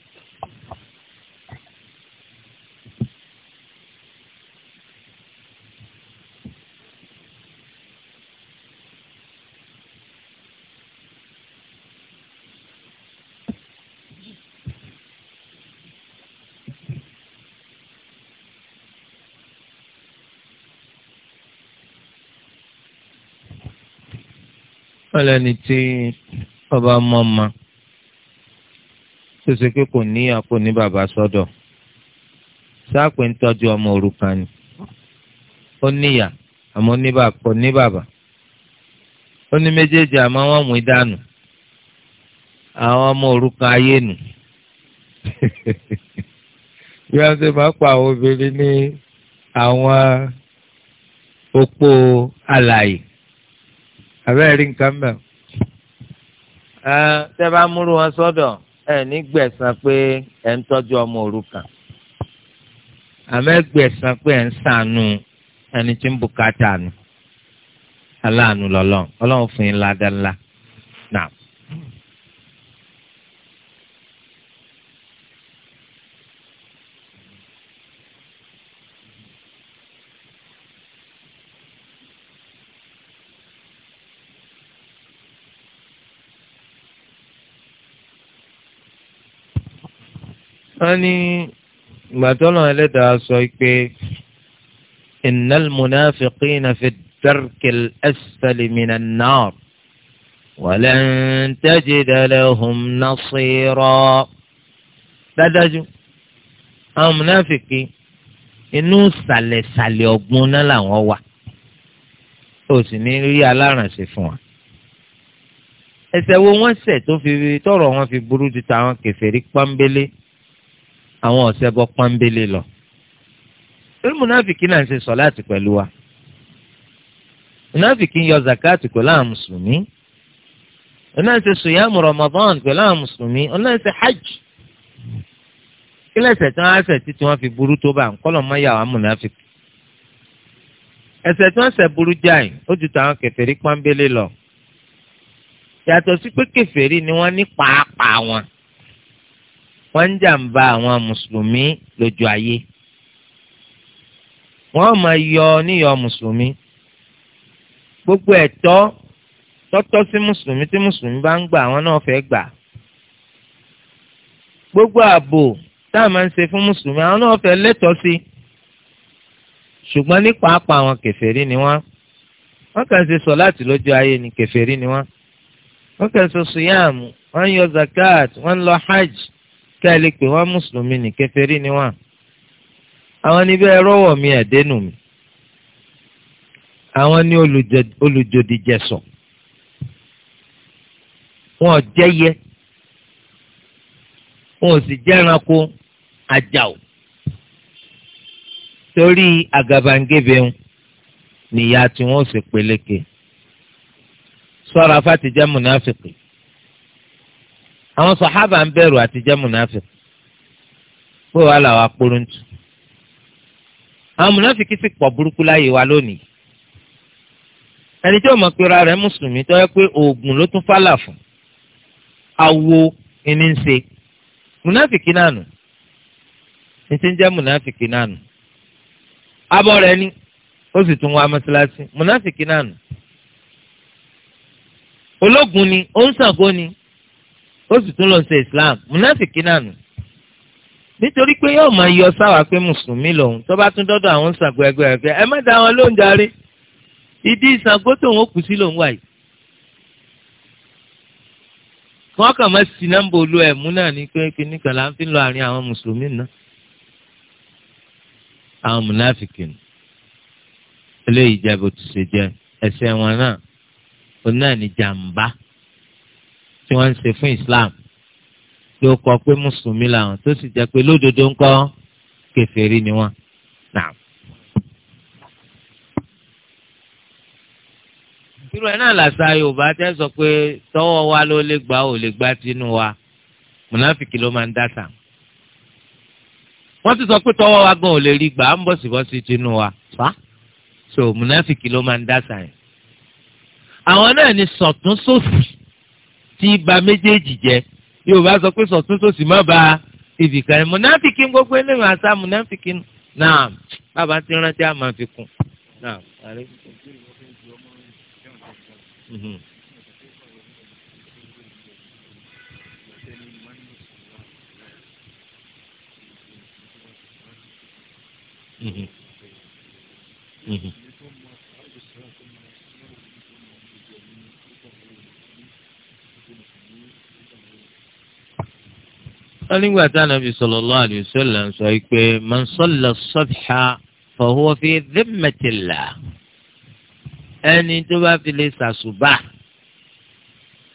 wọ́n lẹ́ni tí ọba mọ́ ma tó ṣe pé kò ní àpò ní bàbá sọ́dọ̀ sáàpè ń tọ́jú ọmọ òrukàn ni ó níyà àmọ́ kò ní bàbá ó ní méjèèjì àmọ́ wọ́n mú ìdánù àwọn ọmọ òrukàn ayé nù bí wọ́n ṣe máa pa àwọn obìnrin ní àwọn opó alàyè. àbẹ́rẹ́ rí nǹkan bẹ̀. ẹ tẹ́ bá múrú wọn sọ́dọ̀ ẹ ní pé ẹ ń tọ́jú ọmọ òrukàn àmẹ́ pé ẹ ń ṣàánú ẹni tí ń bùkátà nù aláàánú fún yín ládàá wọ́n ní gbàtọ́lọ́ ẹlẹ́dàá sọ pé innal munafiqina fi darkil asfali minan nar walan tajida lahum nasira. dádájú àwọn munafiki inú sàlẹ̀sàlẹ̀ ọ̀gbun náà làwọn wà ó sì ní rí alárànṣe fún wa ẹ̀ṣẹ̀ wo wọ́n ṣẹ̀ tó fi tọrọ wọn fi burú ju tàwọn kèfèrí pọ́nbélé àwọn ọ̀sẹ̀ bọ́ pọ́nbélé lọ. torí múnáfìkì náà ń ṣe sọ̀láàtì pẹ̀lú wa. múnáfìkì ń yọ zakati pẹ̀lú àwọn mùsùlùmí. ọ̀nà ń ṣe sùyàmù Ramadan pẹ̀lú àwọn mùsùlùmí. ọ̀nà ń ṣe hajj. kílẹ̀sẹ̀ tí wọ́n á ṣẹ̀ títí wọ́n fi burú tó bá ńkọ́lọ̀ mọ́ yàrá múnáfìkì. ẹ̀ṣẹ̀ tí wọ́n ṣẹ̀ burú jáì ó ju tàwọn kèfèrí pọ́nbélé lọ. yàtọ̀ sí pé kèfèrí ni wọ́n ní pàápàá wọn wọ́n ń jàǹbá àwọn mùsùlùmí lójú ayé wọ́n máa yọ níyọ mùsùlùmí gbogbo ẹ̀tọ́ tọ́tọ́ sí mùsùlùmí tí mùsùlùmí bá ń gbà àwọn náà fẹ́ gbà gbogbo ààbò tá a máa ń ṣe fún mùsùlùmí àwọn náà fẹ́ lẹ́tọ̀ọ́ sí ṣùgbọ́n ní pàápàá àwọn kèfèrí ni wọ́n wọ́n kàn ṣe sọ láti lójú ayé ni kèfèrí ni wọ́n wọ́n kàn ṣe sùyàmù wọ́n yọ zakat wọ́n lọ hajj tẹ́ ẹ lè pè wọ́n mùsùlùmí ní kèfèrí ni wọ́n àwọn níbẹ̀ rọ́wọ̀ mi ẹ̀dẹ́nu mi àwọn ní olùjòdìjẹsọ wọn ò jẹyẹ wọn ò sì jẹranko ajáò torí àgàbàǹgebè ń nìyá tí wọn sì peléke ṣọ́ra fàtijẹ́ múnáfìkì àwọn sọ̀hábà ń bẹ̀rù àti jẹ́ mùnáfíkì pé wàá làwọn akpóróntù àwọn mùnáfíkì sì pọ̀ burúkú láyé wa lónìí ẹni tí ó mọ̀ pé ra rẹ̀ mùsùlùmí tó yẹ pé oògùn ló tún fálà fún awo ẹni ń ṣe mùnáfíkì náà nù ní ti ń jẹ́ mùnáfíkì náà nù abọ́ rẹ̀ ni ó sì tún wá mọ́sálásí mùnáfíkì náà nù ológun ni ó ń ṣàgó ni ó sì tún lọ ṣe islam múnáfìkì náà nù nítorí pé yóò máa yọ sáwà pé mùsùlùmí lòun tó bá tún dọ́dọ̀ àwọn Ṣàngó ẹgbẹ́ ẹgbẹ́ ẹ má da wọn lóun darí ìdí Ṣàngó tóun ó kù sí lòun wà yìí wọn kàn máa sì nọ́mbà olú ẹmú náà ní pé kíní kan ń fi lọ àárín àwọn mùsùlùmí náà àwọn múnáfìkì eléyìí jẹ bó ti ṣe jẹ ẹsẹ̀ wọn náà òun náà ní jàǹbá tí wọ́n ń ṣe fún Islam ló kọ pé mùsùlùmí làwọn tó sì jẹ́ pé lódodo ńkọ́ kèfèrí ni wọ́n. irú ẹ̀ náà làṣà Yorùbá tẹ́ sọ pé tọ́wọ́ wa ló lè gbà ò lè gbà tinú wa mùnáfìkì ló máa ń dàtà wọ́n ti sọ pé tọ́wọ́ wa gan ò lè rí gbà á ń bọ̀ síbọ̀ wa fa so mùnáfìkì ló máa ń dàtà yẹn àwọn náà ni sọ̀tún sófì tí ba méjèèjì jẹ́ yorùbá sọ pé sọ̀tún sòsì má ba ibìkan ẹ̀ mùnáfìkì gbogbo eléyìí àṣà mùnáfìkì náà bàbá ti rántí àmà fi kún. Mm-hmm. Mm-hmm. wọ́n nígbà tá ànábì sallallahu alayhi wa sallam sọ pé man salla as-subha fa huwa fi dhimmatillah ẹni tó bá fi lè ṣàṣùbà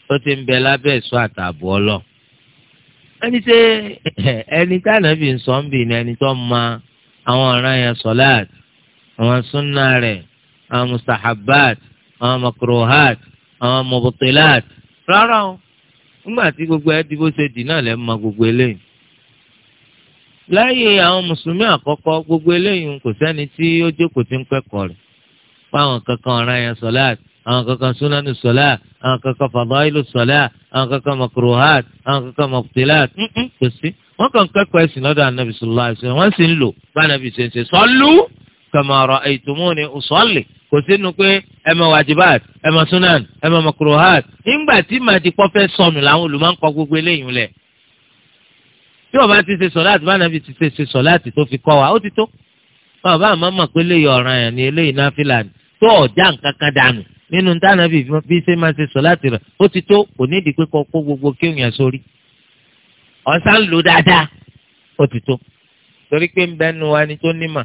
tó ti ń bẹ lábẹ́ ìṣọ́ àtààbọ̀ ọlọ́ ẹni tẹ ẹni tá ànábì ń sọ ń bì ní ẹni tó ma àwọn ọ̀ràn yẹn sọ̀láàt àwọn súnà rẹ̀ àwọn mustahabat àwọn makruhat àwọn mubtilat rárá o nígbà tí gbogbo ẹ di bó ṣe dì náà lẹ́ mọ gbogbo eléyìí láyé àwọn mùsùlùmí àkọ́kọ́ gbogbo eléyìí kò sẹ́ni tí ó jókòó tí ń kẹ́kọ̀ọ́ rẹ̀ fáwọn kankan ọ̀ràn yẹn sọ̀láàt àwọn kankan súnánù sọ̀láàt àwọn kankan fàdáìlù sọ̀láàt àwọn kankan makruhat àwọn kankan mọ̀kútìláàt kò sí. wọ́n kàn kẹ́kọ̀ọ́ ẹ̀sìn lọ́dọ̀ anabi sọ̀láàt wọ́n sì ń lò bá anabi ṣe ń ṣe sọ́lú kama ra'aytumuni usalli kò sínú pé ẹ wajibat ẹ sunan ẹ mọ makruhat nígbà tí màdìpọ̀ fẹ́ sọnù làwọn olùmọ̀ ń kọ gbogbo eléyìí lẹ̀ tí ọba ti ṣe sọláàtì bá nàbí ti ṣe sọláàtì tó fi kọ́ wa ó ti tó bàbá àmọ́ mọ̀ pé eléyìí ọ̀ràn yẹn ni eléyìí náà fìlàní tó ọ̀já nǹkan kan dànù nínú tánàbí bí ṣe máa ṣe sọláàtì rẹ̀ ó ti tó kò ní ìdí kọ́ kó gbogbo kéwìn yẹn sórí ọ̀sán lò dáadáa ó ti tó torí pé ń bẹ́nu wa ni tó nímọ̀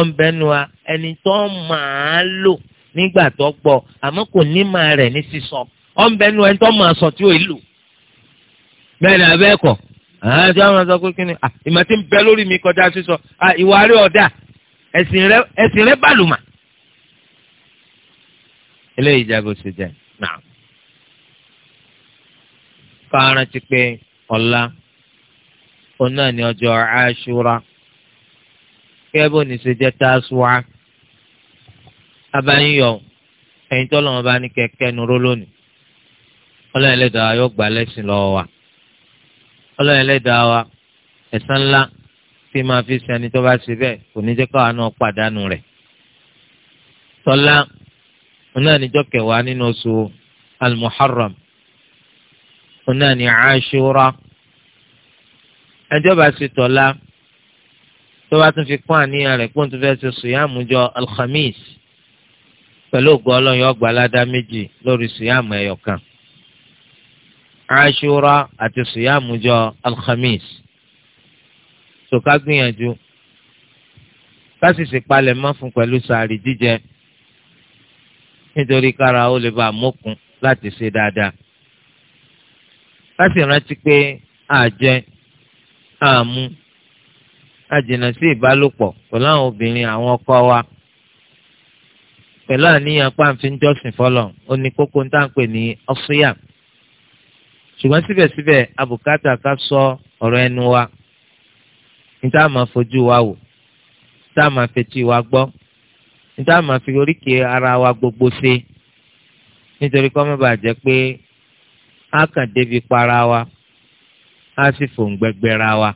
ọ̀nbẹ́nu wa ẹni tó máa lò nígbà tó gbọ́ àmọ́ kò ní máa rẹ̀ ní sísọ ọ̀nbẹ́nu ẹni tó máa sọ tí ò lò bẹ́ẹ̀ ni abẹ́ẹ̀kọ́ àti àwọn sọ pé kí ni ah, ìmọ̀ tí ń bẹ lórí mi kọjá sísọ ah, ìwà iwari ọ̀dà ẹ̀sìn rẹ̀ bàlùmà eléyìí jago ṣe jẹ náà ká rántí pé ọ̀la òun ni ọjọ́ kẹ́bọ̀ ní ṣe jẹ́ tásùwá abáyíyọ ẹ̀yin tọ́lọ̀ wọn bá ní kẹ̀kẹ́ nuró lónìí ọlọ́run ẹlẹ́dàá yóò gbà lẹ́sìn lọ́wọ́ wa ọlọ́run ẹlẹ́dàá wa ẹ̀san ńlá tí máa fi ṣe ẹni tó bá ṣe bẹ́ẹ̀ kò ní jẹ́ káwa náà pàdánù rẹ̀ tọ́lá onáà kẹwàá nínú oṣù al-muharram onáà ẹjọ́ bá ṣe tọ́lá tó bá tún fi kún àníyàn rẹ̀ pé tún fẹ́ ṣe sùyàmù jọ alhamis pẹ̀lú ògùn ọlọ́run yóò gba aládá méjì lórí sùyàmù ẹ̀yọ̀ kan aṣura àti sùyàmù jọ alhamis tó ká gbìyànjú ká sì sì palẹ̀ mọ́ fún pẹ̀lú sàárì jíjẹ nítorí kára ó lè bá mọ́kun láti ṣe dáadáa ká pé àjẹ àmú àjìnà sí ìbálòpọ̀ pẹ̀lú àwọn obìnrin àwọn ọkọ wa pẹ̀lú àníyàn pàǹfin jọ́sìn fọlọ̀ ó ní kókó ń tàǹpè ní ọ́fíà ṣùgbọ́n síbẹ̀síbẹ̀ àbùkátà ká sọ ọ̀rọ̀ ẹnu wa ní tá a máa fojú wa wò tá a máa fetí wa gbọ́ ní tá a máa fi oríkèé ara wa gbogbo ṣe nítorí kọ́ mẹ́bàá jẹ́ pé a kàn débi para wa a sì fòǹgbẹ́gbẹ́ra wa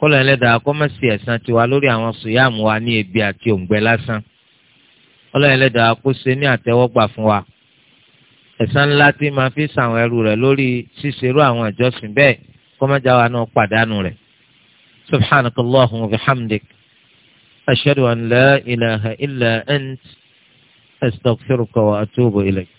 kọ́lọ̀ ẹlẹ́dàá kó má ṣe ẹ̀san tiwa lórí àwọn sùyàmù wa ní ebi àti òǹgbẹ lásán kọ́lọ̀ ẹlẹ́dàá kó ṣe ní àtẹ́wọ́gbà fún wa ẹ̀san ńlá tí máa fi sàwọn ẹrú rẹ̀ lórí ṣíṣerú àwọn ìjọsìn bẹ́ẹ̀ kó má já wa náà pàdánù rẹ̀ subhanakallahumma wa bihamdik ashhadu an la ilaha illa ant astaghfiruka wa atubu ilayk.